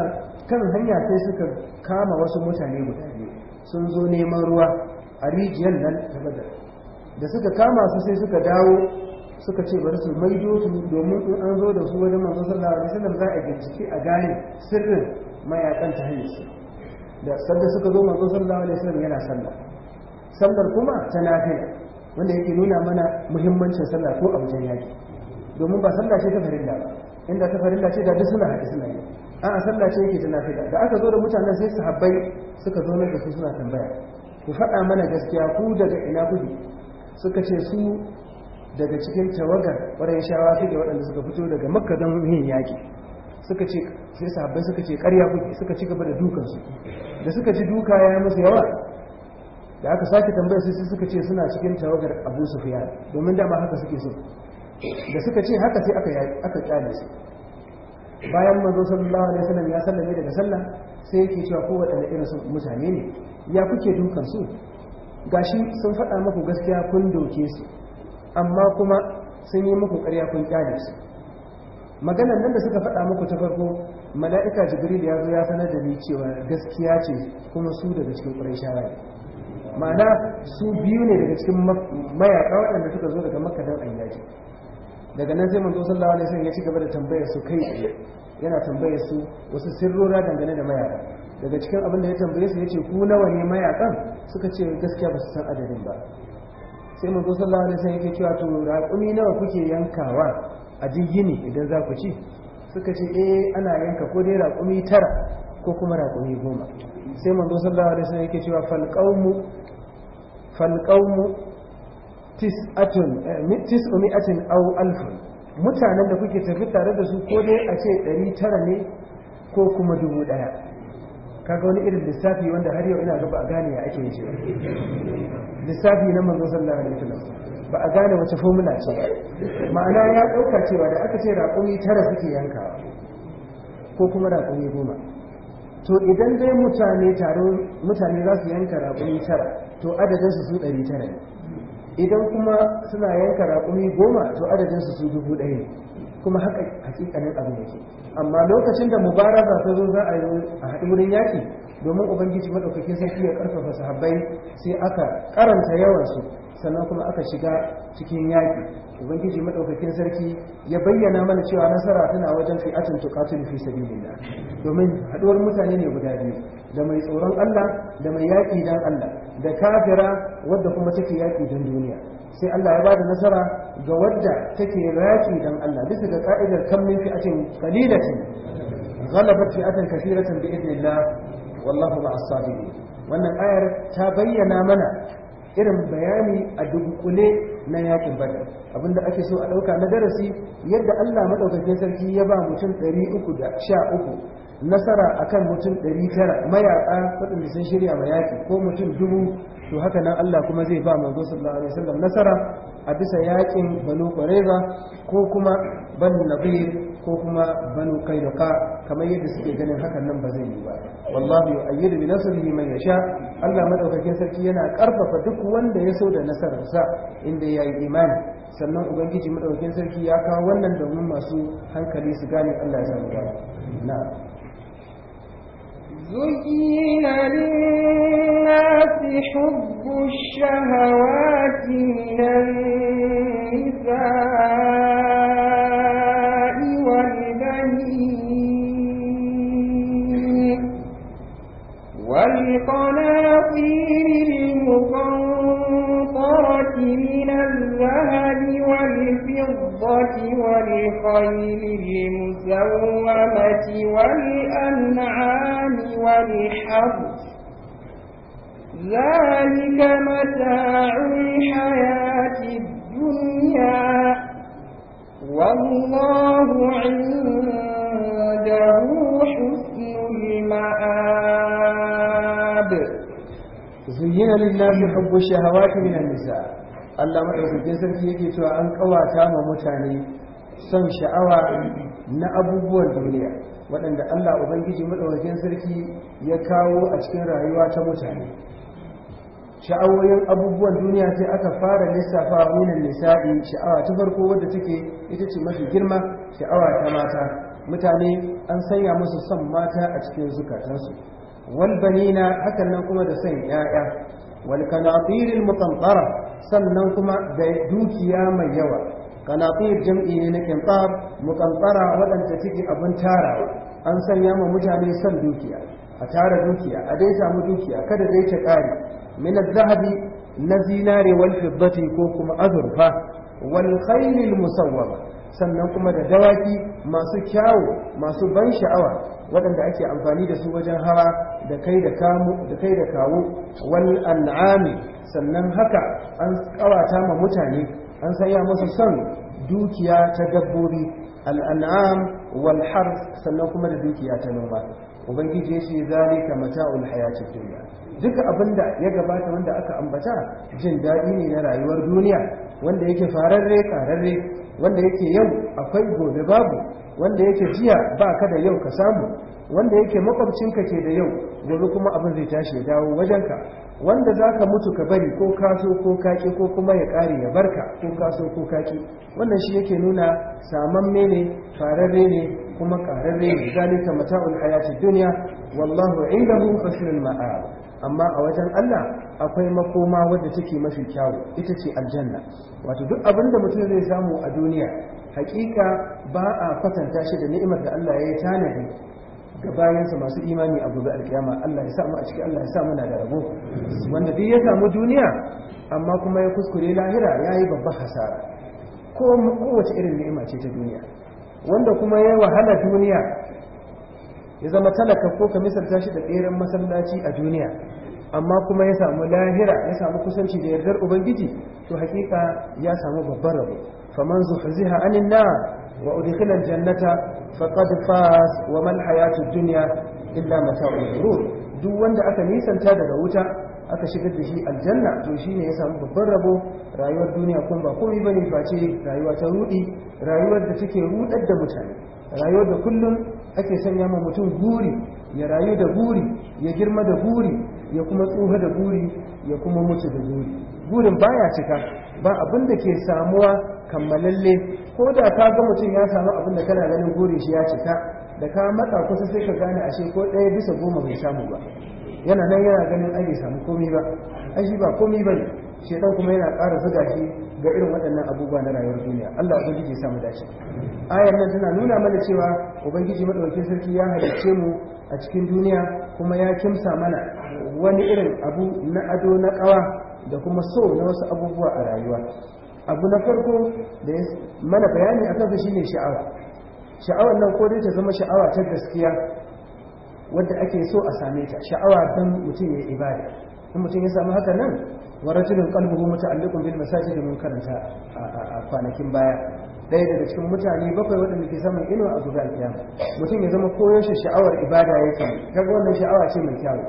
Speaker 1: kan hanya sai suka kama wasu mutane guda biyu sun zo neman ruwa a rijiyar nan ta badar da suka kama su sai suka dawo suka ce bari su maido su domin in an zo da su wajen manzo sallallahu alaihi wasallam za a bincike a gane sirrin mayakan ta hanyar da sanda suka zo manzo sallallahu alaihi wasallam yana sallah sallar kuma ta nafila wanda yake nuna mana muhimmancin sallah ko a wajen yaki domin ba sallah ce ta farilla ba inda ta farilla ce da duk suna haɗe suna yi ana sallah ce yake tana fita, da aka zo da mutanen sai sahabbai suka zo da su suna tambaya ku faɗa mana gaskiya ku daga ina kudu suka ce su daga cikin tawagar ƙwarai shawa suke waɗanda suka fito daga makka don yin yaƙi suka ce sai sahabbai suka ce ƙarya kuke suka ci gaba da dukansu da suka ci duka ya musu yawa da aka sake tambaya sai suka ce suna cikin tawagar abu sufiyan domin dama haka suke so da suka ce haka sai aka ƙyale su bayan manzo sallallahu alaihi wasallam ya sallame daga sallah sai yake cewa ko waɗanda irin su mutane ne ya kuke dukan su gashi sun faɗa muku gaskiya kun doke su amma kuma sun yi muku ƙarya kun kyale su maganar nan da suka faɗa muku ta farko mala'ika jibril ya zo ya sanar da ni cewa gaskiya ce kuma su daga cikin ƙurayshawa ne ma'ana su biyu ne daga cikin mayaƙa waɗanda suka zo daga makka don an daga nan sai manzo sallallahu alaihi wasallam ya ci gaba da tambayar su kai tsaye yana tambayar su wasu sirrora dangane da mayaka daga cikin abin da ya tambaye su yace ku nawa ne mayakan suka ce gaskiya ba su san adadin ba sai manzo sallallahu alaihi wasallam ya cewa to raƙumi nawa kuke yankawa a duk idan za ku ci suka ce eh ana yanka ko dai raƙumi tara ko kuma raƙumi goma sai manzo sallallahu alaihi wasallam yake cewa fal qaumu fal qaumu Eh, tis'umi'atin aw alfun mutanen da kuke tafi tare da su ko dai a ce ɗari tara ne ko kuma dubu ɗaya kaga wani irin lissafi wanda har yau ina ga ba a gane ya ake yi lissafi na manzo sallallahu alaihi wasallam ba a gane wace formula ce ma'ana ya ɗauka cewa da aka ce raƙumi tara suke yanka ko kuma raƙumi goma to idan dai mutane taro mutane za su yanka raƙumi tara to adadin su ɗari tara ne idan kuma suna yanka raƙumi goma to adadin su su dubu ɗaya kuma haka hakikanin abin yake amma lokacin da mubaraka ta zo za a yi a haɗi wurin yaki domin ubangiji maɗaukakin sarki ya ƙarfafa sahabbai sai aka karanta yawan su sannan kuma aka shiga cikin yaƙi ubangiji maɗaukakin sarki ya bayyana mana cewa nasara tana wajen atin tuqatil fi sabilillah domin haɗuwar mutane ne guda biyu da mai tsoron Allah da mai yaƙi dan Allah da kafira wadda kuma take yaƙi don duniya sai Allah ya ba da nasara ga wadda take yaƙi don Allah bisa ga ka'idar kan min fi'atin qalilatin ghalabat fi'atan kathiratan bi idnillah wallahu ma'as sabirin wannan ayar ta bayyana mana irin bayani a dunkule na yakin badar abinda ake so a ɗauka na darasi yadda Allah madaukakin sarki ya ba mutum 313 nasara akan mutum ɗari 900 faɗin da sun shirya ma yaƙi ko mutum dubu to haka nan Allah kuma zai ba manzo sallallahu alaihi wasallam nasara a bisa yaƙin banu qurayza ko kuma banu nadir ko kuma banu qainuqa kamar yadda suke ganin hakan nan ba zai yi ba wallahi yu'ayyidu bi nasrihi man yasha Allah maɗaukakin sarki yana karfafa duk wanda ya so da nasararsa inda ya yi imani sannan ubangiji maɗaukakin sarki ya kawo wannan domin masu hankali su gane Allah ya samu na'am
Speaker 2: زين للناس حب الشهوات من النساء والبنين والقناطير المقنطرة من الذهب والفضة والخيل المسومة والأنعام والحرث ذلك متاع الحياة الدنيا والله عنده حسن المآب
Speaker 1: زين للناس حب الشهوات من النساء Allah madaukakin sarki yake cewa an kawata ma mutane son sha'awa na abubuwan duniya waɗanda Allah ubangiji madaukakin sarki ya kawo a cikin rayuwa ta mutane sha'awoyin abubuwan duniya sai aka fara lissafa minan nisa'i sha'awa ta farko wadda take ita ce mafi girma sha'awa ta mata mutane an sanya musu son mata a cikin zukatansu Walbanina, banina hakan nan kuma da son yaya wal qanatir al muqantara sannan kuma da dukiya mai yawa qanatir jam'i ne na qintar muqantara wadanda take abin tarawa an sanya ma mutane son dukiya a tara dukiya a dai samu dukiya kada dai ta kare min zahabi na zinare wal fiddati ko kuma azurfa wal khayril musawwama sannan kuma da dawaki masu kyawu masu ban sha'awa waɗanda ake amfani da su wajen hawa da kai da kamu da kai da kawo wani an'ami sannan haka an kawata ma mutane an sanya musu son dukiya ta dabbobi al an'am wal sannan kuma da dukiya ta noma ubangiji ya ce zalika mata'ul hayatid dunya duka abinda ya gabata wanda aka ambata jin daɗi ne na rayuwar duniya wanda yake fararre kararre wanda yake yau akwai gobe babu wanda yake jiya ba ka da yau ka samu wanda yake makwabcinka ke da yau gobe kuma abin zai tashi ya dawo wajenka wanda za ka mutu ka bari ko kaso ko kaki ko kuma ya kare ya barka ko kaso ko kaki wannan shi yake nuna samamme ne fararre ne kuma ƙararre ne zalika mata'ul hayatid dunya wallahu indahu husnul ma'a amma a wajen Allah akwai makoma wadda take mafi kyawu ita ce aljanna wato duk abin da mutum zai samu a duniya hakika ba a kwatanta shi da ni'imar da Allah ya yi tanadi ga bayansa masu imani a gobe alkiyama Allah ya sa mu a ciki Allah ya sa muna da rabo wanda duk ya samu duniya amma kuma ya kuskure lahira ya yi babban hasara ko kowace irin ni'ima ce ta duniya wanda kuma ya wahala duniya ya zama talaka ko ka misalta shi da tseren masallaci a duniya amma kuma ya samu lahira ya samu kusanci da yardar ubangiji to hakika ya samu babban rabo faman zuhziha anin nar wa udkhila aljannata faqad faz wa mal hayatud dunya illa mata'ul ghurur duk wanda aka nisanta daga wuta aka shigar da shi aljanna to shine ya samu babban rabo rayuwar duniya kun ba komai bane face rayuwa ta rudi rayuwar da take rudar da mutane rayuwar da kullum ake sanya ma mutum guri ya rayu da guri ya girma da guri ya kuma tsufa da buri ya kuma mutu da buri burin baya cika ba abin da ke samuwa kammalalle ko da ka ga mutum ya samu abin da kana ganin burin shi ya cika da ka matsa kusa sai ka gane ashe ko ɗaya bisa goma bai samu ba yana nan yana ganin an bai samu komai ba ai ba komai ba ne kuma yana ƙara zuga shi ga irin waɗannan abubuwa na rayuwar duniya Allah ubangiji ya samu dace ayar nan tana nuna mana cewa ubangiji madaukakin sarki ya halicce mu a cikin duniya kuma ya kimsa mana wani irin abu na ado na ƙawa da kuma so na wasu abubuwa a rayuwa abu na farko da ya mana bayani a kansa shine sha'awa sha'awar nan ko dai ta zama sha'awa ta gaskiya wadda ake so a same ta sha'awa don mutum ya ibada in mutum ya samu haka nan wa rajulun qalbuhu muta'alliqun bil masajid mun karanta a kwanakin baya ɗaya daga cikin mutane bakwai waɗanda ke samun inuwa a guda alƙiyama mutum ya zama koyaushe sha'awar ibada ya kan kaga wannan sha'awa ce mai kyawu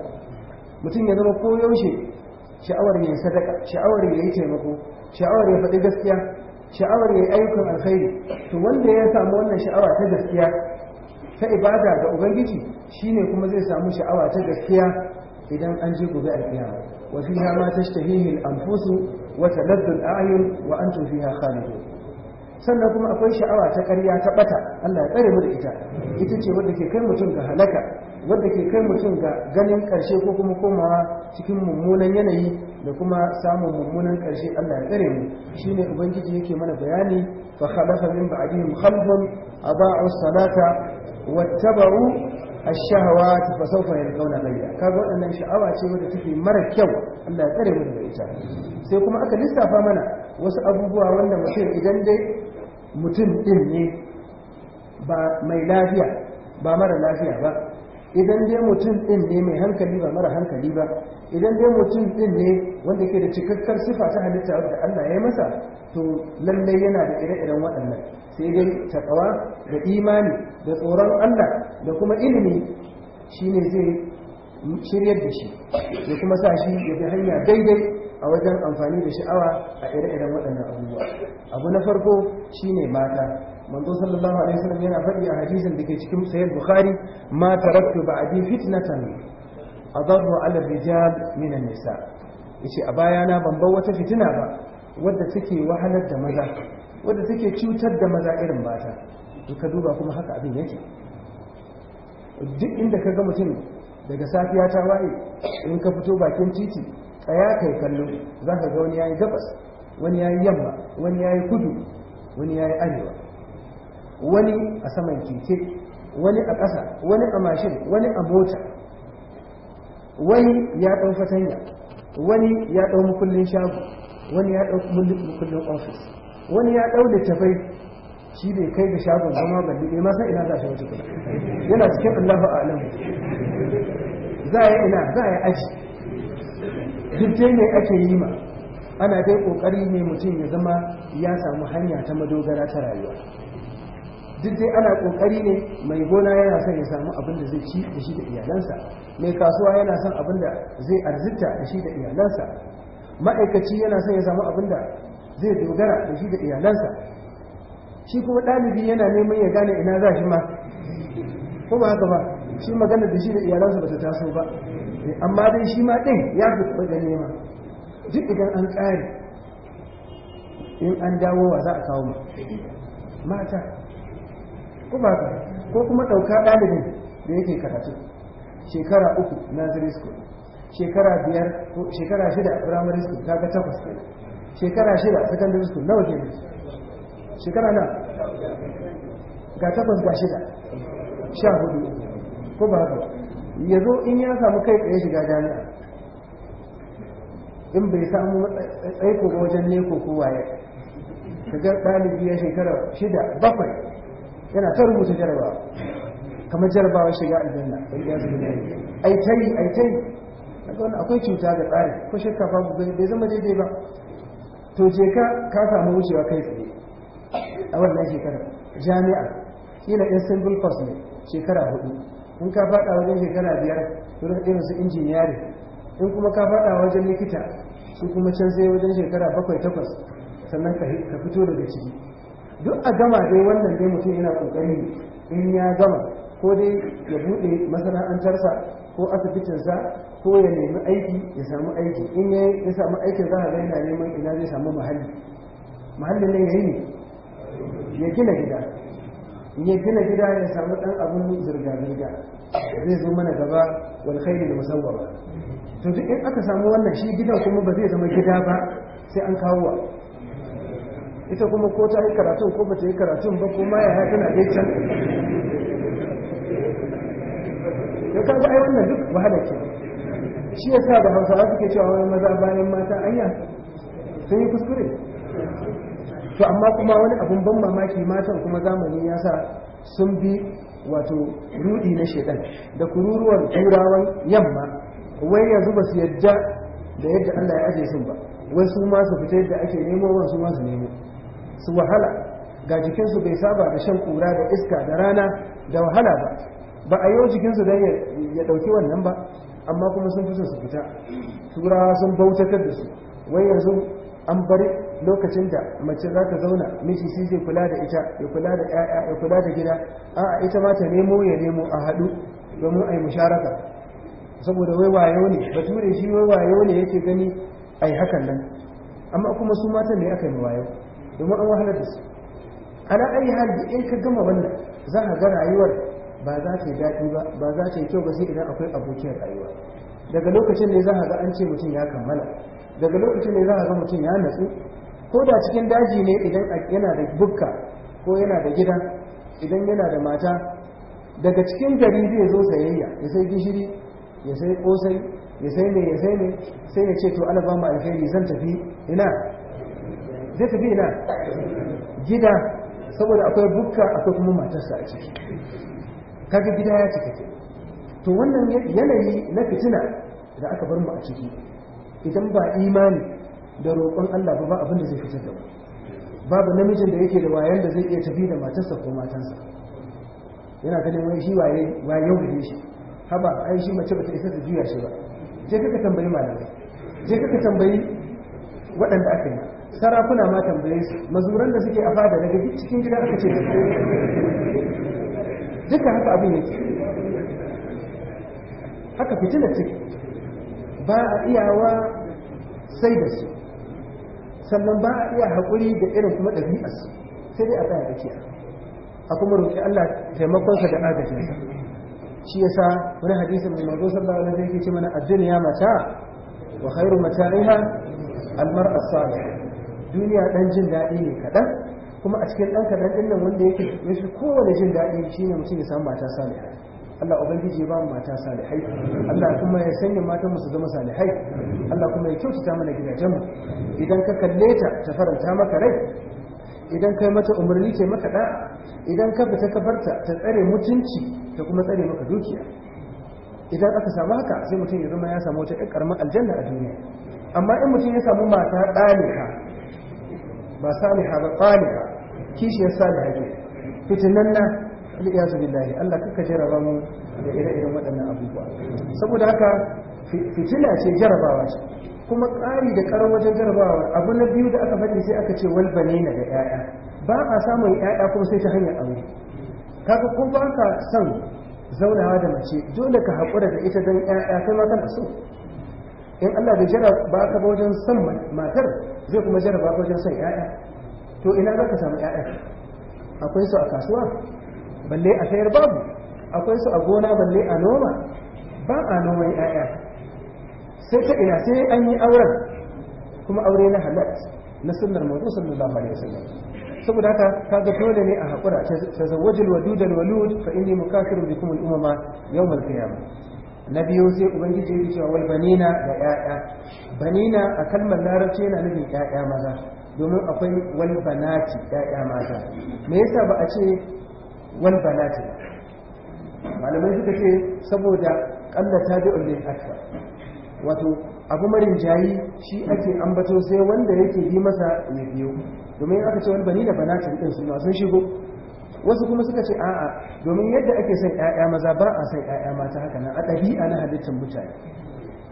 Speaker 1: mutum ya zama ko yaushe sha'awar ya yi sadaka sha'awar ya yi taimako sha'awar ya faɗi gaskiya sha'awar ya yi ayyukan alkhairi to wanda ya samu wannan sha'awa ta gaskiya ta ibada ga ubangiji shi ne kuma zai samu sha'awa ta gaskiya idan an je gobe alkiyama wa fiha ma tashtahihi al-anfusu wa taladdu al-a'yun wa antum fiha khalidun sannan kuma akwai sha'awa ta ƙarya ta ɓata Allah ya tsare mu da ita ita ce wadda ke kai mutum ga halaka wadda ke kai mutum ga ganin ƙarshe ko kuma komawa cikin mummunan yanayi da kuma samun mummunan ƙarshe Allah ya tsare mu shine ubangiji yake mana bayani fa khalafa min ba'dihim khalfun adaa'u salata wattaba'u ash-shahawati fa sawfa yalqawna ghayya kaga wannan sha'awa ce wadda take mara kyau Allah ya tsare mu daga ita sai kuma aka lissafa mana wasu abubuwa wanda mutum idan dai mutum din ne ba mai lafiya ba mara lafiya ba idan dai mutum ɗin ne mai hankali ba mara hankali ba idan dai mutum ɗin ne wanda ke da cikakkar sifa ta halitta da Allah ya masa to lallai yana da ire-iren waɗannan sai dai takawa da imani da tsoron Allah da kuma ilimi shine zai shiryar da shi ya kuma sa shi ya bi hanya daidai a wajen amfani da sha'awa a ire-iren waɗannan abubuwa abu na farko shine mata manzo sallallahu alaihi wasallam yana faɗi a hadisin dake cikin sahih bukhari ma taraktu ba'di fitnatan adarru ala rijal min an-nisa yace a baya na ban bar wata fitina ba wadda take wahalar da maza wadda take cutar da maza irin mata to ka duba kuma haka abin yake duk inda ka ga mutum daga safiya ta waye in ka fito bakin titi tsaya kai kallo za ka ga wani yayi gabas wani yayi yamma wani yayi kudu wani yayi arewa wani a saman keke wani a ƙasa wani a mashin wani a mota wani ya ɗau fatanya wani ya ɗau mukullin shago wani ya ɗau mukullin ofis wani ya ɗau da tafai shi bai kai da shagon zama balli bai masa ina za su wata kuma yana cikin allahu alam za a yi ina za a yi aji duk dai ne ake yi ma ana dai ƙoƙari ne mutum ya zama ya samu hanya ta madogara ta rayuwa duk dai ana kokari ne mai gona yana son ya samu abin da zai ci da shi da iyalansa mai kasuwa yana son abin da zai arzita da shi da iyalansa ma'aikaci yana son ya samu abin da zai dogara da shi da iyalansa shi kuma ɗalibi yana neman ya gane ina za shi ma ko ba haka ba shi magana da shi da iyalansa ba ta taso ba amma dai shi ma ɗin ya fi kuma da nema duk idan an ƙare in an dawo wa za a kawo mu mata ko ba ka ko kuma ɗauka ɗalibin da yake karatu shekara uku nursery school shekara biyar ko shekara shida primary school ta ga takwas ke shekara shida secondary school nawa ke shekara na ga takwas ga shida sha hudu ko ba ka ya zo in ya samu kai tsaye shiga jami'a in bai samu tsaiko wajen neko ko waye ga ɗalibi ya shekara shida bakwai yana ta rubuta jarabawa kamar jarabawa shiga aljanna wani ya zuba jari ai tai ai tai wani akwai cuta da tsari ko shakka babu bai zama daidai ba to je ka ka samu wucewa kai tsaye a wannan shekara jami'a kila yan simple course ne shekara hudu in ka faɗa wajen shekara biyar to da irin su injiniyari in kuma ka faɗa wajen likita su kuma can sai wajen shekara bakwai takwas sannan ka fito daga ciki duk a gama dai wannan dai mutum yana kokari in ya gama ko dai ya bude masana'antarsa ko asibitinsa ko ya nemi aiki ya samu aiki in ya samu aikin za a ga yana neman ina zai samu muhalli muhallin nan yayi ne ya gina gida ya gina gida ya samu dan abin zirga zirga zai zo mana gaba wal khairi da musawwama to duk in aka samu wannan shi gidan kuma ba zai zama gida ba sai an kawo ita kuma ko ta yi karatun ko ba ta yi karatun ba ko ya haifin a dai can ya ka ai wannan duk wahala ce shi ya sa da hausawa suke cewa wani maza bayan mata anya sun yi kuskure to amma kuma wani abun ban mamaki matan kuma zamani ya sa sun bi wato rudi na shedan da kururuwar turawan yamma wai yanzu ba su yadda da yadda Allah ya ajiye sun ba wai su ma su fita yadda ake nemo wasu su ma nemo su wahala ga jikinsu bai saba da shan kura da iska da rana da wahala ba ba a yi jikinsu don ya ɗauki wannan ba amma kuma sun fusa su fita turawa sun bautatar da su wai yanzu an bari lokacin da mace za ta zauna miji shi zai kula da ita ya kula da 'ya'ya ya kula da gida a'a ita ma ta nemo ya nemo a haɗu domin a yi musharaka saboda wai wayo ne bature shi wai wayo ne yake gani a yi hakan nan amma kuma su mata ne aka yi wayo domin an wahala da su ana ayi hali in ka gama wannan za ka ga rayuwar ba za ta yi daɗi ba ba za ta yi kyau ba sai idan akwai abokin rayuwa daga lokacin ne za ka ga an ce mutum ya kammala daga lokacin ne za ka ga mutum ya natsu ko da cikin daji ne idan yana da bukka ko yana da gida idan yana da mata daga cikin gari zai zo sayayya ya sai gishiri ya sai kosai ya sai ne ya sai ne sai ya ce to ana ba mu alheri zan tafi ina zai tafi ina gida saboda akwai bukka akwai kuma matarsa a ciki kaga gida ya cika ke to wannan yanayi na fitina da aka bar mu a ciki idan ba imani da roƙon Allah ba abin da zai fitar da babu namijin da yake da wayan da zai iya tafi da matarsa ko matansa yana ganin wai shi waye waye gare shi haba ai shi mace bata isa ta juya shi ba je ka tambayi malamai je ka tambayi waɗanda aka yi sarakuna ma tambaye su mazuran da suke a fada daga cikin gida aka ce duka haka abin yake haka fitilar ciki ba a iyawa sai da su sannan ba a iya haƙuri da irin kuma ɗabi'arsu sai dai a tsaya da kiya a kuma roƙi Allah taimakonsa da sa shi yasa wani hadisi mai mazo sallallahu alaihi wasallam yake ce mana ad-dunya mata wa khairu mata'iha al-mar'a duniya dan jin daɗi ne kaɗan kuma a cikin ɗan kaɗan ɗin wanda yake yai kowane jin daɗi ne mutum ya samu mata saliha Allah ubangiji ya ba mu mata salihai Allah kuma ya sanya matan mu su zama salihai Allah kuma ya kyautata mana gidajen mu idan ka kalle ta ta faranta maka rai idan kai mata umarni ce maka da idan ka fita ka ta tsare mutunci ta kuma tsare maka dukiya idan aka samu haka sai mutum ya zama ya samu wata ƴar aljanna a duniya amma in mutum ya samu mata ɗaliha ba saliha ba tsaliha kishiyar saliha ne fitinan na al'iyazu billahi Allah kuka jaraba mu da ire-iren waɗannan abubuwa saboda haka fitina ce jarabawa ce kuma ƙari da ƙaran wajen jarabawa abu na biyu da aka faɗi sai aka ce wal na da 'ya'ya ba a samun 'ya'ya kuma sai ta hanyar aure kaga ko ba ka son zaunawa da mace dole ka haƙura da ita don 'ya'ya kai ma kana so in Allah bai jira ba ka ba wajen son matar zai kuma jarraba wajen son yaya to ina za ka samu 'yaya akwai su a kasuwa balle a sayar babu akwai su a gona balle a noma ba a noman yaya sai ta ina sai an yi auren kuma aure na halal na sunnar manzo sallallahu alaihi wasallam saboda haka kaga dole ne a hakura tazawwajul wadudal walud fa inni mukafirun bikum al umama yawm al qiyamah na biyu sai ubangiji ya cewa wal banina da ƴaƴa banina a kalmar larabci yana nufin ƴaƴa maza domin akwai wal banati ƴaƴa mata me yasa ba a ce wal banati malamai suka ce saboda kalla tabi'un lil akthar wato abu marin jayi shi ake ambato sai wanda yake bi masa ya biyo domin aka ce wal banina banati din masu sun shigo wasu kuma suka ce a'a domin yadda ake son ƴaƴa maza ba a son ƴaƴa mata haka nan a ɗabi'a na halittar mutane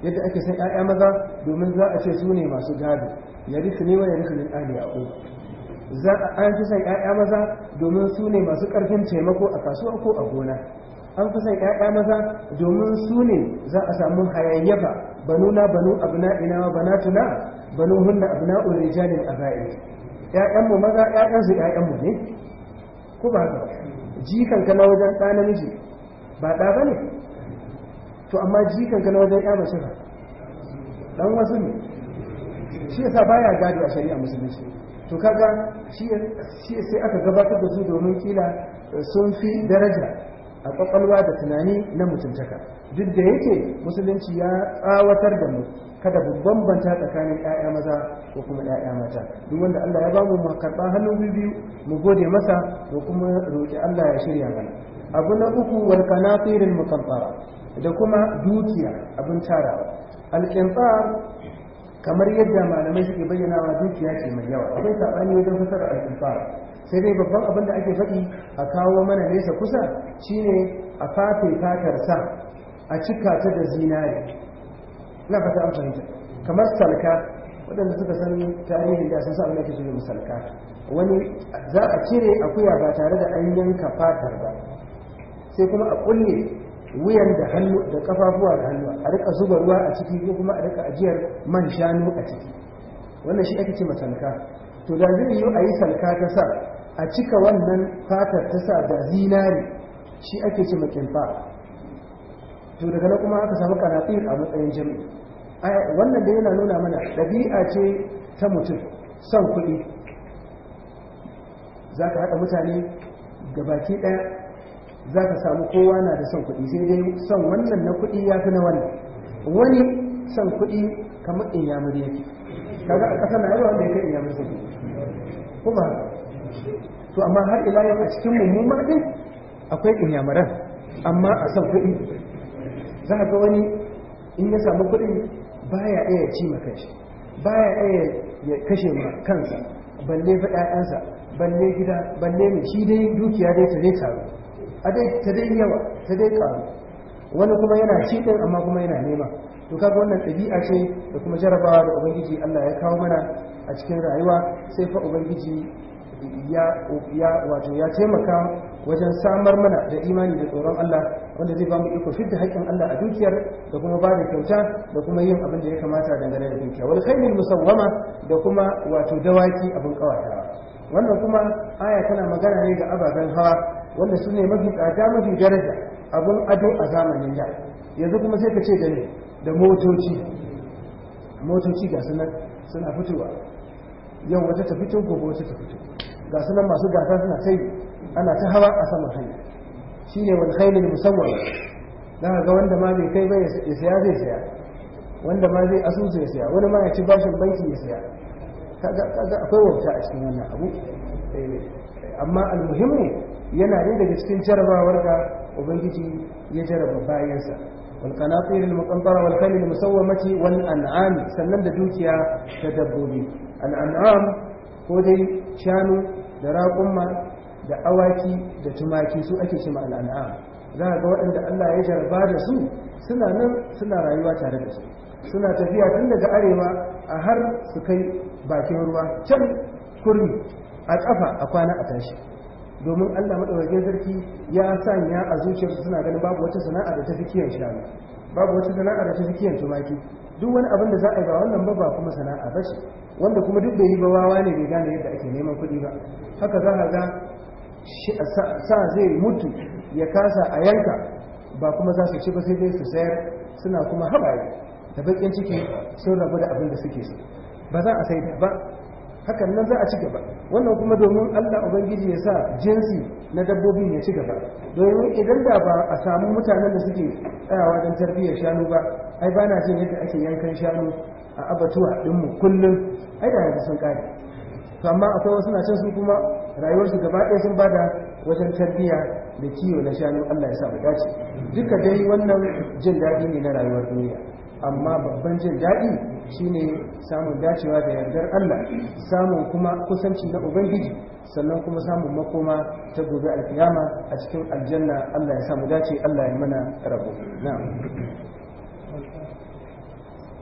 Speaker 1: yadda ake son ƴaƴa maza domin za a ce su ne masu gado ya rufe ne wa ya rufe ali za a an fi son ƴaƴa maza domin su ne masu ƙarfin taimako a kasuwa ko a gona an fi son ƴaƴa maza domin su ne za a samu hayayyafa banuna banu ina wa banatuna banu hunna abna rijalin aba'i ƴaƴanmu maza ƴaƴansu mu ne ko ba haka jikan ka na wajen ɗa namiji ba ɗa ba ne to amma jikan ka na wajen ɗa mace ba ɗan wasu ne shi yasa baya gado a shari'a musulunci to kaga shi sai aka gabatar da su domin kila sun fi daraja a kwakwalwa da tunani na mutuntaka duk da yake musulunci ya tsawatar da mu kada mu bambanta tsakanin ƴaƴa maza ko kuma ƴaƴa mata duk wanda Allah ya ba mu karɓa hannun biyu mu gode masa mu kuma roƙi Allah ya shirya mana abu na uku wal qanatirin muqantara da kuma dukiya abin tarawa al kamar yadda malamai suke bayyanawa dukiya ce mai yawa akwai sabani wajen fasara al sai dai babban abin da ake faɗi a kawo mana nesa kusa shine a fafe fatar sa a cika ta da zinare na fata an fahimta kamar salka waɗanda suka san tarihin da sun sa abin salka wani za a cire akuya ba tare da an yanka fatar ba sai kuma a kulle wuyan da hannu da kafafuwa da hannu a rika zuba ruwa a ciki ko kuma a rika ajiyar man shanu a ciki wannan shi ake ce masalka to da zai yi a yi salka ta sa a cika wannan fatar ta sa da zinari shi ake ce makimfa to daga na kuma aka samu karatun a matsayin jami'i wannan da yana nuna mana ɗabi'a ce ta mutum son kuɗi za ka haɗa mutane ga baki ɗaya za ka samu kowa na da son kuɗi sai dai son wannan na kuɗi ya fi na wani, wani son kuɗi kamar in muri yake kaga a ƙasa na yawa wanda ya kai in ya muri kuɗi kuma to amma har ila yau a cikin mummuma ɗin akwai in yamuran amma a son kuɗi za ka ga wani in ya samu kuɗi baya iya ci ma kanshi baya iya ya kashe ma kansa balle fa ƴaƴansa balle gida balle ne shi dai dukiya dai ta dai taru a dai ta dai yawa ta dai karu wani kuma yana ci din amma kuma yana nema to kaga wannan ɗabi'a ce da kuma jarabawa da ubangiji Allah ya kawo mana a cikin rayuwa sai fa ubangiji ya wato ya taimaka wajen samar mana da imani da tsoron Allah wanda zai ba mu iko fidda haƙƙin Allah a dukiyar da kuma ba da kyauta da kuma yin abin da ya kamata dangane da dukiya wal khaylil musawwama da kuma wato dawaki abin kawata? wannan kuma aya tana magana ne ga ababen hawa wanda su ne mafi tsada mafi daraja abin ado a zamanin da yanzu kuma sai ka ce da ne da motoci motoci ga sunan suna fitowa yau wata ta fito gobe wata ta fito ga sunan masu gasa suna sai ana ta hawa a saman hanya shine wal khailul musawwama zaka ga wanda ma bai kai ba ya siya zai siya wanda ma zai asusu ya siya wani ma ya ci bashin banki ya siya kaga akwai wauta a cikin wannan abu eh, eh, amma almuhimmi yana ne daga cikin jarabawar da ubangiji ya jaraba bayansa wal qanatir al muqantara wal khayl al musawwamati wal an'am sannan da dukiya da dabbobi al ko dai shanu da raƙumma da awaki da tumaki su ake cima al'an'am za ga waɗanda Allah ya jarba da su suna nan suna rayuwa tare da su suna tafiya tun daga arewa a har su kai bakin ruwa can kurmi a ƙafa a kwana a tashi domin Allah maɗaukakin sarki ya sanya a zuciyarsu suna ganin babu wata sana'a da ta fi kiyan shanu babu wata sana'a da ta fi kiyan tumaki duk wani abin da za a yi ba wannan ba kuma sana'a ba shi wanda kuma duk da yi ba wawa ne bai gane yadda ake neman kuɗi ba haka za a ga sa zai mutu ya kasa a yanka ba kuma za su ci ba sai dai su sayar suna kuma habaye da bakin ciki sun rabu da abin da suke su ba za a da ba hakan nan za a ci gaba wannan kuma domin Allah ubangiji ya sa jinsi na dabbobi ya ci gaba domin idan da ba a samu mutanen da suke tsayawa don tarbiyyar shanu ba ai ba na jin yadda ake yankan shanu a abatuwa dinmu kullum ai da yanzu sun kare to amma akwai wasu na can su kuma rayuwarsu gaba ɗaya sun bada wajen tarbiyya da kiwo na shanu Allah ya sa mu dace duka dai wannan jin daɗi ne na rayuwar duniya amma babban jin daɗi shine samun dacewa da yardar Allah samun kuma kusanci na ubangiji sannan kuma samun makoma ta gobe alkiyama a cikin aljanna Allah ya sa mu dace Allah ya mana rabo na'am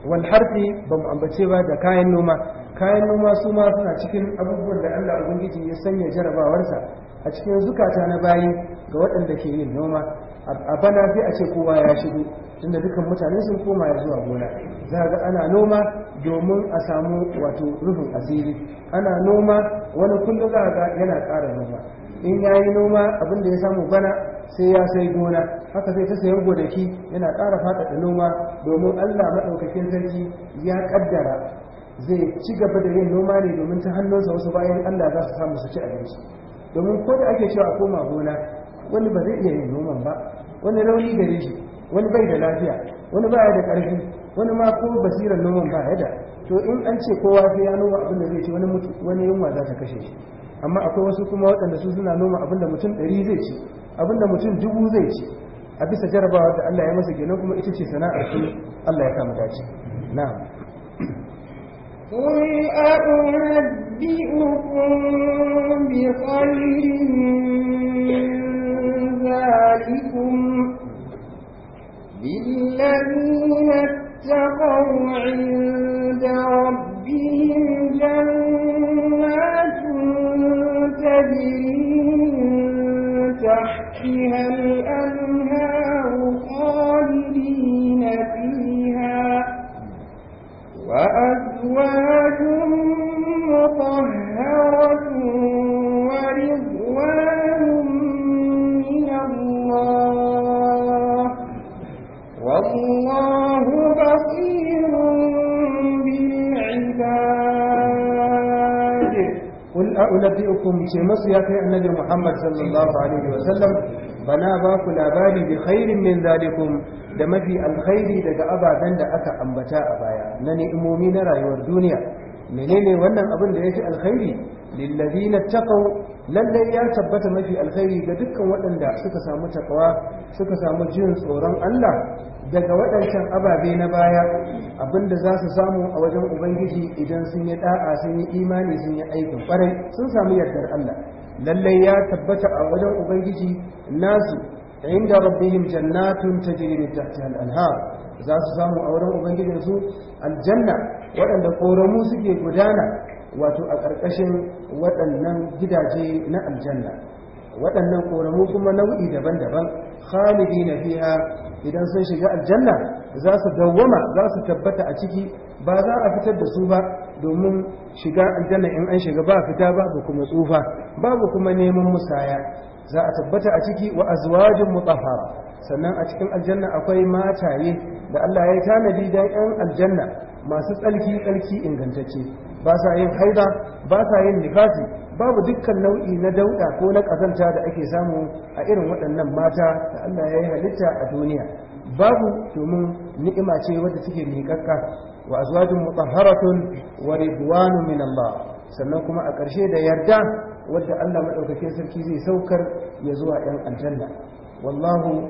Speaker 1: wal harfi bamu ambace ba da kayan noma kayan noma su ma suna cikin abubuwan da Allah ubangiji ya sanya jarabawarsa a cikin zukata na bayi ga waɗanda ke yin noma a bana sai a ce kowa ya shigo tunda dukkan mutane sun koma ya zuwa gona za ga ana noma domin a samu wato rufin asiri ana noma wani kullum za ga yana ƙara noma in ya yi noma abin da ya samu bana sai ya sai gona haka sai ta sayan gonaki yana ƙara faɗaɗa noma domin allah maɗaukakin sarki ya ƙaddara zai ci gaba da yin noma ne domin ta hannunsa wasu bayan Allah za su samu su ci abinci domin ko da ake cewa koma gona wani ba zai iya yin noman ba wani rauni gare shi wani bai da lafiya wani baya da ƙarfi wani ma ko basirar noman ba ya da to in an ce kowa sai ya noma abin da zai ci wani yunwa za ta kashe shi amma akwai wasu kuma waɗanda su suna noma abin da mutum ɗari zai ci abin da mutum dubu zai ci a bisa jarabawa da Allah ya masa kenan kuma ita ce sana'ar su Allah ya kama dace na'am
Speaker 2: قل أنبئكم بخير من ذلكم للذين اتقوا عند ربهم جنات تجري من تحتها الأنهار خالدين unabbi'ukum ce masu ya kai annabi Muhammad
Speaker 1: sallallahu alaihi wa sallam bana ba ku labari bi khairin min zalikum da mafi alkhairi daga ababen da aka ambata a baya na ni'imomi na rayuwar duniya menene wannan abin da yake alkhairi lillazina taqaw lallai ya tabbata mafi alkhairi ga dukkan waɗanda suka samu takawa suka samu jin tsoron Allah daga waɗancan ababe na baya abinda za su samu a wajen ubangiji idan sun yi ɗa'a sun yi imani sun yi aikin ƙwarai sun samu yardar Allah lallai ya tabbata a wajen ubangiji nasu inda rabbihim jannatun tajri min tahtiha al za su samu a wurin ubangijin su aljanna waɗanda koramu suke gudana wato a ƙarƙashin waɗannan gidaje na aljanna waɗannan koramu kuma nau'i daban-daban khalidina fiha idan sun shiga aljanna za su dawwama za su tabbata a ciki ba za a fitar da su ba domin shiga aljanna in an shiga ba fita babu kuma tsufa babu kuma neman musaya za a tabbata a ciki wa azwajin mutahhara sannan a cikin aljanna akwai mataye da Allah ya tanadi dan yan aljanna masu tsalki tsalki ingantacce ba sa yin haida ba sa yin nifasi babu dukkan nau'i na dauda ko na kazanta da ake samu a irin waɗannan mata da Allah ya yi halitta a duniya babu domin ni'ima ce wadda take miƙaƙƙa wa azwajun mutahharatun wa min Allah sannan kuma a ƙarshe da yarda wadda Allah madaukakin sarki zai saukar ya zuwa ɗan aljanna wallahu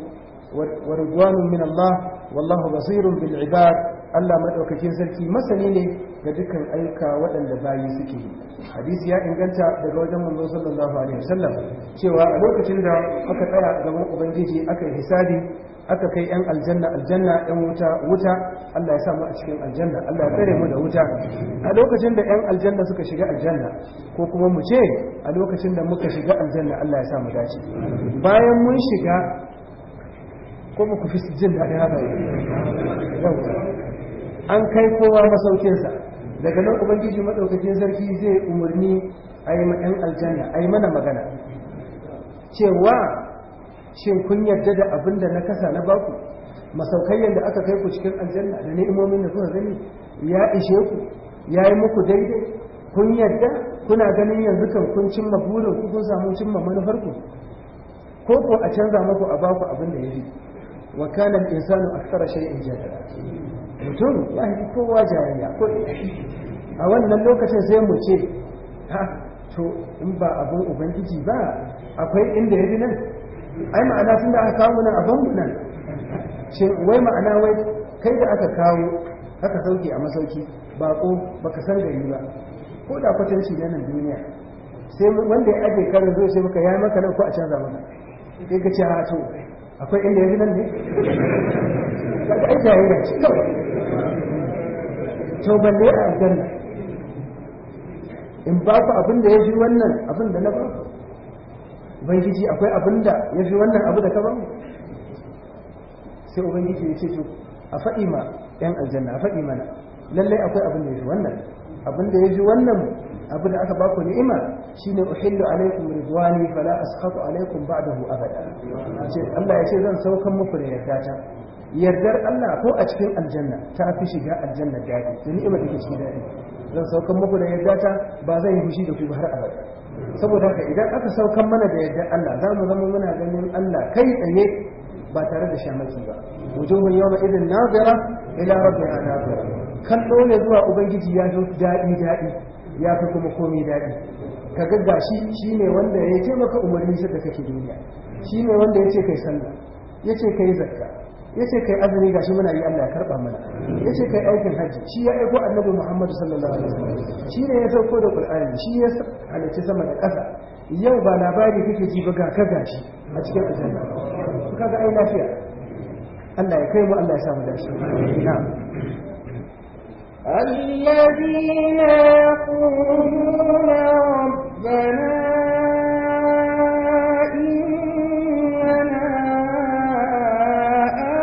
Speaker 1: wa min Allah wallahu basirun bil ibad Allah maɗaukakin sarki masani ne ga dukkan aika waɗanda bayi suke yi hadisi ya inganta daga wajen manzo sallallahu alaihi wasallam cewa a lokacin da aka tsaya gaban ubangiji aka yi hisabi aka kai yan aljanna aljanna yan wuta wuta Allah ya sa mu a cikin aljanna Allah ya tsare mu da wuta a lokacin da yan aljanna suka shiga aljanna ko kuma mu ce a lokacin da muka shiga aljanna Allah ya sa mu dace bayan mun shiga ko mu ku fi jin daɗin haka yau an kai kowa masaukinsa daga nan ubangiji maɗaukakin sarki zai umarni a yi ma'yan aljanna a yi mana magana cewa shin kun yarda da abin da na kasa na baku masaukayen da aka kai ku cikin aljanna da ni'imomin da kuka gani ya ishe ku ya yi muku daidai kun yarda kuna ganin yanzu kan kun cimma burin ku kun samu cimma manufar ku ko ko a canza muku a baku abin da ya fi wa kana al-insanu akthara shay'in jadala mutum ya haifi kowa jayayya ko a wannan lokacin sai mu ce ha to in ba abin ubangiji ba akwai inda ya bi nan ai ma'ana sun da aka kawo nan abin nan ce wai ma'ana wai kai da aka kawo aka sauke a masauki bako baka san gari ba ko da kwatanci na nan duniya sai wanda ya ajiye karin zai sai maka ya maka nan ko a canza maka sai ka ce ha to akwai inda ya fi nan ne daga ai jayayya ce kawai
Speaker 3: to balle a aljanna
Speaker 1: in ba ku abin da ya fi wannan abin da na ba ku ubangiji akwai abin da ya fi wannan abu da ka ba mu sai ubangiji ya ce to a faɗi ma 'yan aljanna a faɗi mana lallai akwai abin da ya fi wannan abin da ya fi wannan abu da aka baku ni'ima shine uhillu alaikum ridwani fala asqatu alaikum ba'dahu abada ce Allah ya ce zan sauka muku da yarda ta yardar Allah ko a cikin aljanna ta fi shiga aljanna daɗi da ni'ima take cikin daɗi zan saukan muku da yarda ta ba zan yi fushi da ku har abada saboda haka idan aka saukar mana da yarda Allah za mu zama muna ganin Allah kai tsaye ba tare da shamaki ba wujuhun yawma idin nazira ila rabbiha nazira kallo ne zuwa ubangiji ya zo daɗi daɗi ya fi kuma komai daɗi ka gagga shi shi ne wanda ya taimaka maka umarni shi da kake duniya shi ne wanda ya ce kai sallah ya ce kai zakka ya ce kai azumi ga shi muna yi Allah ya karɓa mana ya ce kai aikin hajji shi ya aiko annabi Muhammadu sallallahu alaihi wasallam shi ne ya sauko da Qur'ani shi ya halarci sama da ƙasa yau ba labari kake ji ba ga ka gashi a cikin aljanna kaga ai lafiya Allah ya kai mu Allah ya samu dashi na'am
Speaker 2: الذين يقولون ربنا إننا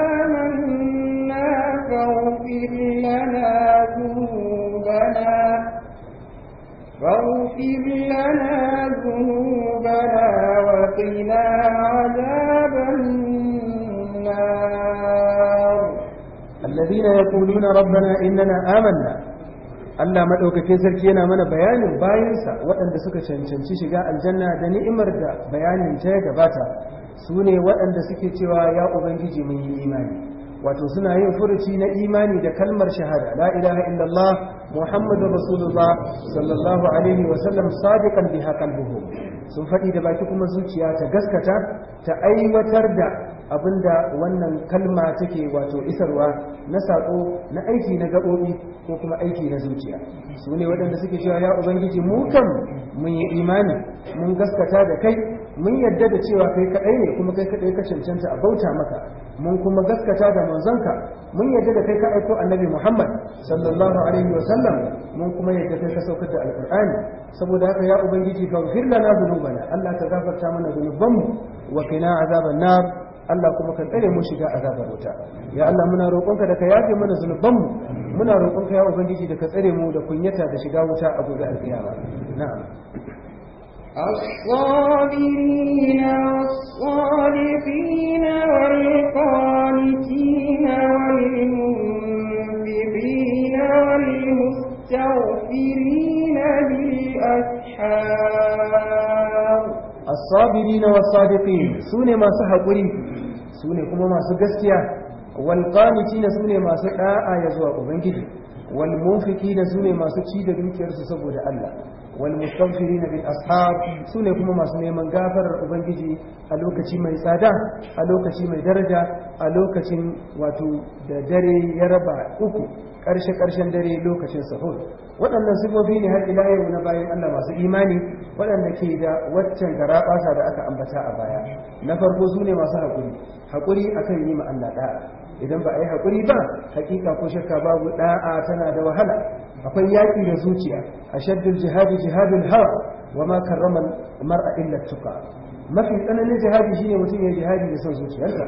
Speaker 2: آمنا فاغفر لنا ذنوبنا فاغفر لنا ذنوبنا وقنا عذاب
Speaker 1: ya الذين يقولون ربنا إننا amana. Allah maɗaukakin sarki yana mana bayanin bayansa waɗanda suka cancanci shiga aljanna da ni'imar da bayanin ta ya gabata su ne waɗanda suke cewa ya ubangiji mun yi imani wato suna yin furuci na imani da kalmar shahada la ilaha illallah muhammadu rasulullah sallallahu alaihi wa sallam sadiqan biha qalbuhu sun faɗi da baki kuma zuciya ta gaskata ta aiwatar da abinda wannan kalma take wato isarwa na sako na aiki na gaɓoɓi ko kuma aiki na zuciya su ne waɗanda suke cewa ya ubangiji mu kan mun yi imani mun gaskata da kai mun yadda da cewa kai kaɗai ne kuma kai kaɗai ka cancanta a bauta maka mun kuma gaskata da manzonka mun yadda da kai ka aiko annabi muhammad sallallahu alaihi wa sallam mun kuma yadda kai ka saukar da alƙur'ani saboda haka ya ubangiji ka lana bana, allah ka gafarta mana dhunubanmu wa qina azaban nar Allah kuma kan tsare mu shiga azabar wuta ya Allah muna roƙonka da ka yafe mana zunubanmu muna roƙonka ya ubangiji da ka tsare mu da kunyata da shiga wuta a gobe alƙiyama na'am
Speaker 2: الصابرين والصادقين والقانتين والمنفقين والمستغفرين بالأسحار as
Speaker 1: na was-sadiqin sune masu hakuri sune kuma masu gaskiya wal qanitina sune masu ɗa'a ya zuwa ubangiji wal munfiqina sune masu ci da dukiyarsu saboda Allah wal mustaghfirina bil ashab sune kuma masu neman gafarar ubangiji a lokaci mai tsada a lokaci mai daraja a lokacin wato da dare ya raba uku karshe karshen dare lokacin sahur waɗannan sifofi ne har ila yau na bayan Allah masu imani waɗanda ke da waccan garaɓasa da aka ambata a baya na farko su ne masu haƙuri haƙuri akan yi Allah da'a idan ba a yi haƙuri ba hakika ko shakka babu da'a tana da wahala akwai yaƙi da zuciya ashaddul jihadi jihadin hawa wa ma karraman mar'a illa tuka mafi tsananin jihadi shine mutum ya jihadi da son zuciyarsa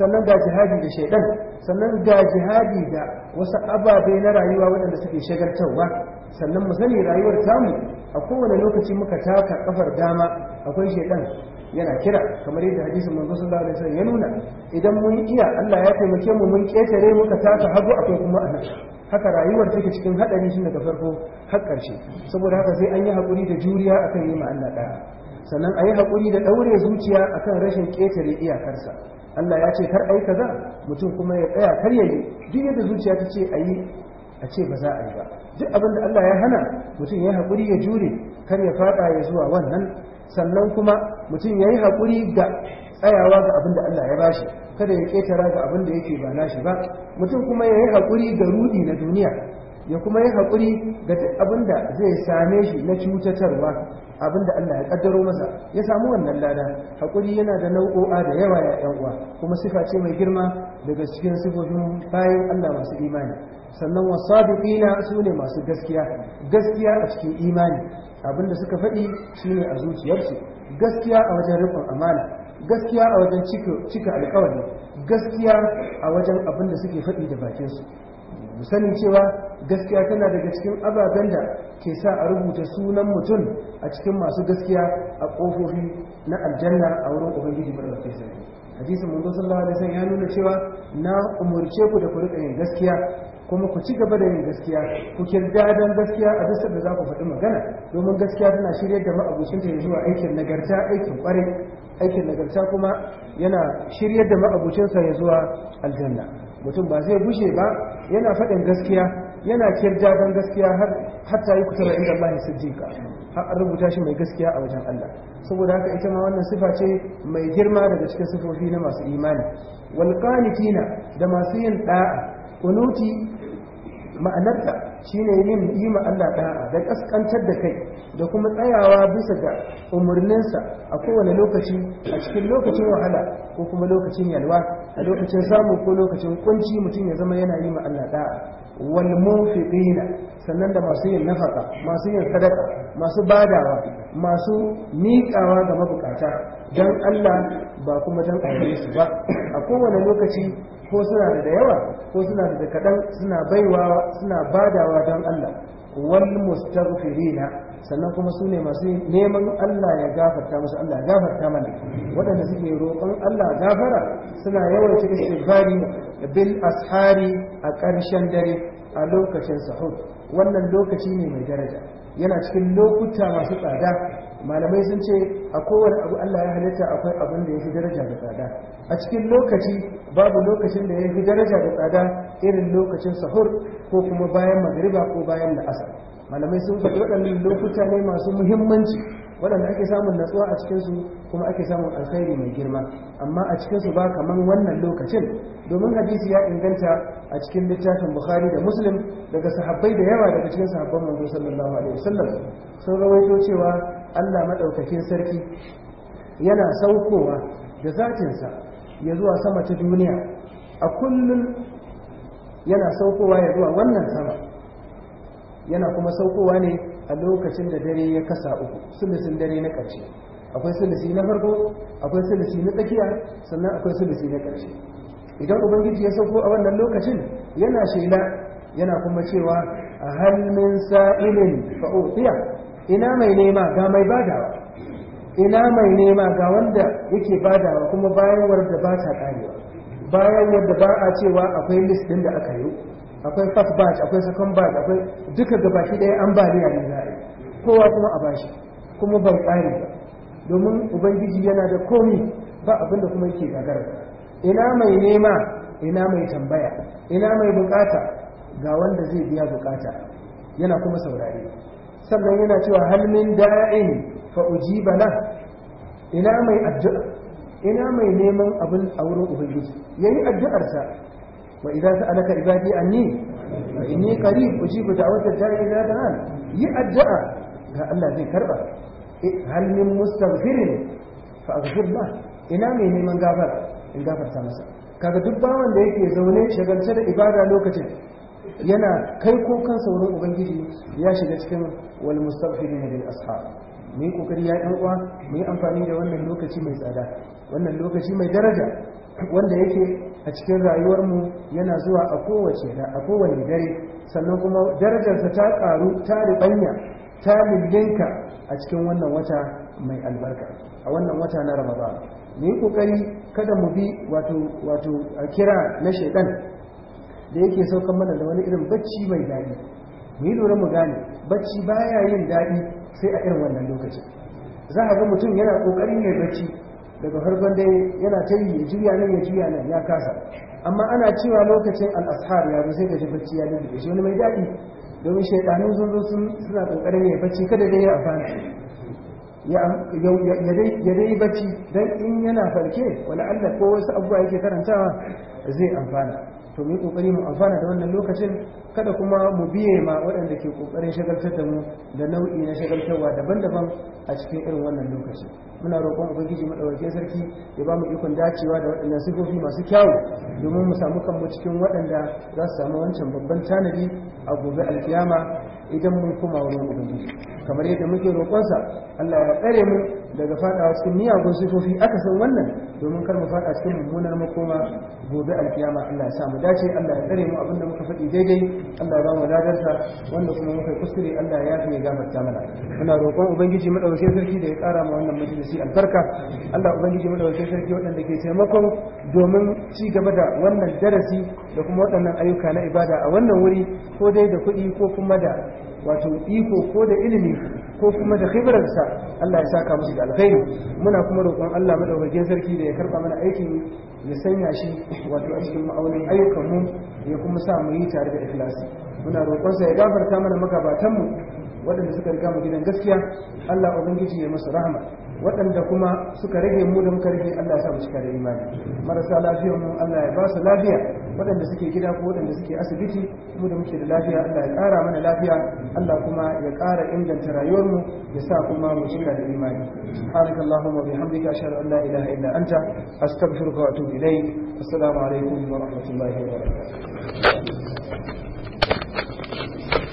Speaker 1: sannan ga jihadi da shaidan sannan ga jihadi da wasu ababe na rayuwa waɗanda suke shagartarwa sannan mu sani rayuwar tamu a kowane lokaci muka taka kafar dama akwai shaidan yana kira kamar yadda hadisin manzo sallallahu alaihi wasallam ya nuna idan mun iya Allah ya taimake mu mun ketare muka taka hagu akwai kuma anan haka rayuwar take cikin hadari shi daga farko har karshe saboda haka sai an yi hakuri da juriya akan yi ma Allah sannan a yi hakuri da daure zuciya akan rashin ketare iyakarsa Allah ya ce kar aika za mutum kuma ya tsaya kar yayi duk yadda zuciya ta ce ayi a ce ba za a yi ba duk abin da Allah ya hana mutum ya hakuri ya jure kar ya faɗa ya zuwa wannan sannan kuma mutum ya yi haƙuri ga tsayawa ga abin da Allah ya bashi kada ya ƙetara ga abin da yake ba nashi ba mutum kuma ya yi hakuri ga rudi na duniya ya kuma yi haƙuri ga duk abin da zai same shi na cutatarwa abin da Allah ya ƙaddaro masa ya samu wannan lada hakuri yana da nau'o'a da yawa ya uwa kuma sifa ce mai girma daga cikin sifofin bayan Allah masu imani sannan su sune masu gaskiya gaskiya a cikin imani abin da suka faɗi shine a zuciyarsu gaskiya a wajen rikon amana gaskiya a wajen cika alkawari gaskiya a wajen abinda suke faɗi da bakinsu sanin cewa gaskiya tana daga cikin ababen da ke sa a rubuta sunan mutum a cikin masu gaskiya a kofofi na aljanna a wurin ubangiji madaukakin sarki hadisin manzo sallallahu alaihi wasallam ya nuna cewa na umurce ku da ku rika yin gaskiya kuma ku ci gaba da yin gaskiya ku kirda dan gaskiya a duk da za ku faɗi magana domin gaskiya tana shirya da ma'abucinta ya zuwa aikin nagarta aikin ƙware, aikin nagarta kuma yana shirya da ma'abucinsa ya zuwa aljanna mutum ba zai bushe ba yana faɗin gaskiya yana kirda dan gaskiya har hatta yi kutura inda Allah ya sadiqa har an rubuta shi mai gaskiya a wajen Allah saboda haka ita ma wannan sifa ce mai girma daga cikin sifofi na masu imani wal qanitina da masu yin da'a kunuti ma'anarta shine yin yi ma Allah da'a da ƙasƙantar da kai da kuma tsayawa bisa ga umarninsa a kowane lokaci a cikin lokacin wahala ko kuma lokacin yalwa a lokacin samun ko lokacin kunci mutum ya zama yana yi ma Allah da'a wal munfiqina sannan da masu yin nafaka masu yin sadaka masu badawa masu miƙawa ga mabukata Don Allah ba kuma dan su ba a kowane lokaci ko suna da yawa ko suna da kaɗan suna baiwa suna badawa dan Allah wal mustaghfirina sannan kuma su ne masu neman Allah ya gafarta musu Allah ya gafarta mana waɗanda suke roƙon Allah gafara suna cikin istighfari bil ashari a ƙarshen dare a lokacin sahur wannan lokaci ne mai daraja yana cikin lokuta masu tsada malamai sun ce a kowane abu Allah ya halitta akwai abin da ya fi daraja da tsada a cikin lokaci babu lokacin da ya fi daraja da tsada irin lokacin sahur ko kuma bayan magriba ko bayan la'asar malamai sun faɗi waɗannan lokuta ne masu muhimmanci waɗanda ake samun natsuwa a cikinsu kuma ake samun alkhairi mai girma amma a cikinsu ba kamar wannan lokacin domin hadisi ya inganta a cikin littafin bukhari da muslim daga sahabbai da yawa daga cikin sahabban manzo sallallahu alaihi wasallam sun rawaito cewa Allah maɗaukakin sarki yana saukowa da zatinsa ya zuwa sama ta duniya a kullum yana saukowa ya zuwa wannan sama yana kuma saukowa ne a lokacin da dare ya kasa uku sulusin dare na ƙarshe akwai sulusi na farko akwai sulusi na tsakiya sannan akwai sulusi na ƙarshe idan ubangiji ya sauko a wannan lokacin yana shela yana kuma cewa a halmin sa'ilin fa'o'iyya ina mai nema ga mai badawa ina mai nema ga wanda yake badawa kuma bayan wanda ba ta karewa bayan yadda ba a cewa akwai list din da aka yi akwai first batch akwai second batch akwai duka gaba shi ɗaya ambaliya ne za kowa kuma a bashi kuma ban kare ba domin ubangiji yana da komi ba abin da kuma yake gagara ina mai nema ina mai tambaya ina mai bukata ga wanda zai biya bukata yana kuma saurare sannan yana cewa halmin da'in fa ujiba la ina mai addu'a ina mai neman abin a wurin ubangiji yayi addu'arsa wa idza sa'alaka ibadi anni fa inni qarib ujibu da'wata da'i idza da'an yi addu'a ga Allah zai karba e, hal min mustaghfirin fa aghfir lah ina mai neman gafara in gafarta masa kaga duk bawan da yake zaune shagalce da ibada lokacin yana kai kukan sauran ubangiji ya shiga cikin wal mustaghfirin da ashab mai kokari ya yan uwa mu amfani da wannan lokaci mai tsada wannan lokaci mai daraja wanda yake a cikin rayuwarmu yana zuwa a kowace a kowane dare sannan kuma darajarsa ta ƙaru ta rubanya, ta lullinka a cikin wannan wata mai albarka a wannan wata na ramadan mai yi kokari kada mu bi wato wato kira na shaidan da yake saukan mana da wani irin bacci mai daɗi mu yi lura mu gane bacci baya yin daɗi sai a irin wannan lokaci. za a ga mutum yana ƙoƙarin mai bacci daga farkon dai yana ta yi juya nan ya juya nan ya kasa amma ana cewa lokacin al'ashar ya sai ka bacci ya dubu shi wani mai daɗi domin shaidanu sun zo suna ƙoƙarin mai bacci kada dai ya amfana ya dai yi bacci don in yana farke wani allah ko wasu abubuwa yake karantawa zai amfana to mu yi kokari mu amfana da wannan lokacin kada kuma mu biye ma waɗanda ke kokarin shagaltar da mu da nau'i na shagaltarwa daban-daban a cikin irin wannan lokaci muna roƙon ubangiji madaukakin sarki ya ba mu ikon dacewa da waɗannan sifofi masu kyawu domin mu samu kanmu cikin waɗanda za su samu wancan babban tanadi a gobe alkiyama idan mun koma wurin ubangiji kamar yadda muke roƙonsa Allah ya tsare mu daga fadawa cikin miyagun sifofi aka san wannan domin kar mu fada cikin mummunar makoma gobe alkiyama Allah ya sa mu dace Allah ya tsare mu abinda muka faɗi daidai Allah ya ba mu ladarsa wanda kuma muka kuskure Allah ya yafe ya gafarta mana muna roƙon ubangiji madaukakin sarki da ya ƙara ma wannan majalisi albarka Allah ubangiji madaukakin sarki waɗanda ke taimakon domin ci gaba da wannan darasi da kuma waɗannan ayyuka na ibada a wannan wuri ko dai da kuɗi ko kuma da wato iko ko da ilimi ko kuma da khibrarsa Allah ya saka musu da alkhairi muna kuma roƙon Allah madaukakin sarki da ya karba mana aikin ya sanya shi wato a cikin ma'aunin ayyukan mu ya kuma sa mu yi tare da ikhlasi muna sa ya gafarta mana magabatan mu waɗanda suka riga mu gidan gaskiya Allah ubangiji ya masa rahama waɗanda kuma suka rage mu da muka rage Allah ya sa mu cika da imani marasa lafiyar mu Allah ya ba su lafiya waɗanda suke gida ko waɗanda suke asibiti mu da muke da lafiya Allah ya ƙara mana lafiya Allah kuma ya ƙara inganta rayuwar mu ya sa kuma mu cika da imani subhanaka allahumma wa bihamdika ashhadu an la ilaha illa anta astaghfiruka wa atubu ilayk assalamu alaikum wa rahmatullahi wa barakatuh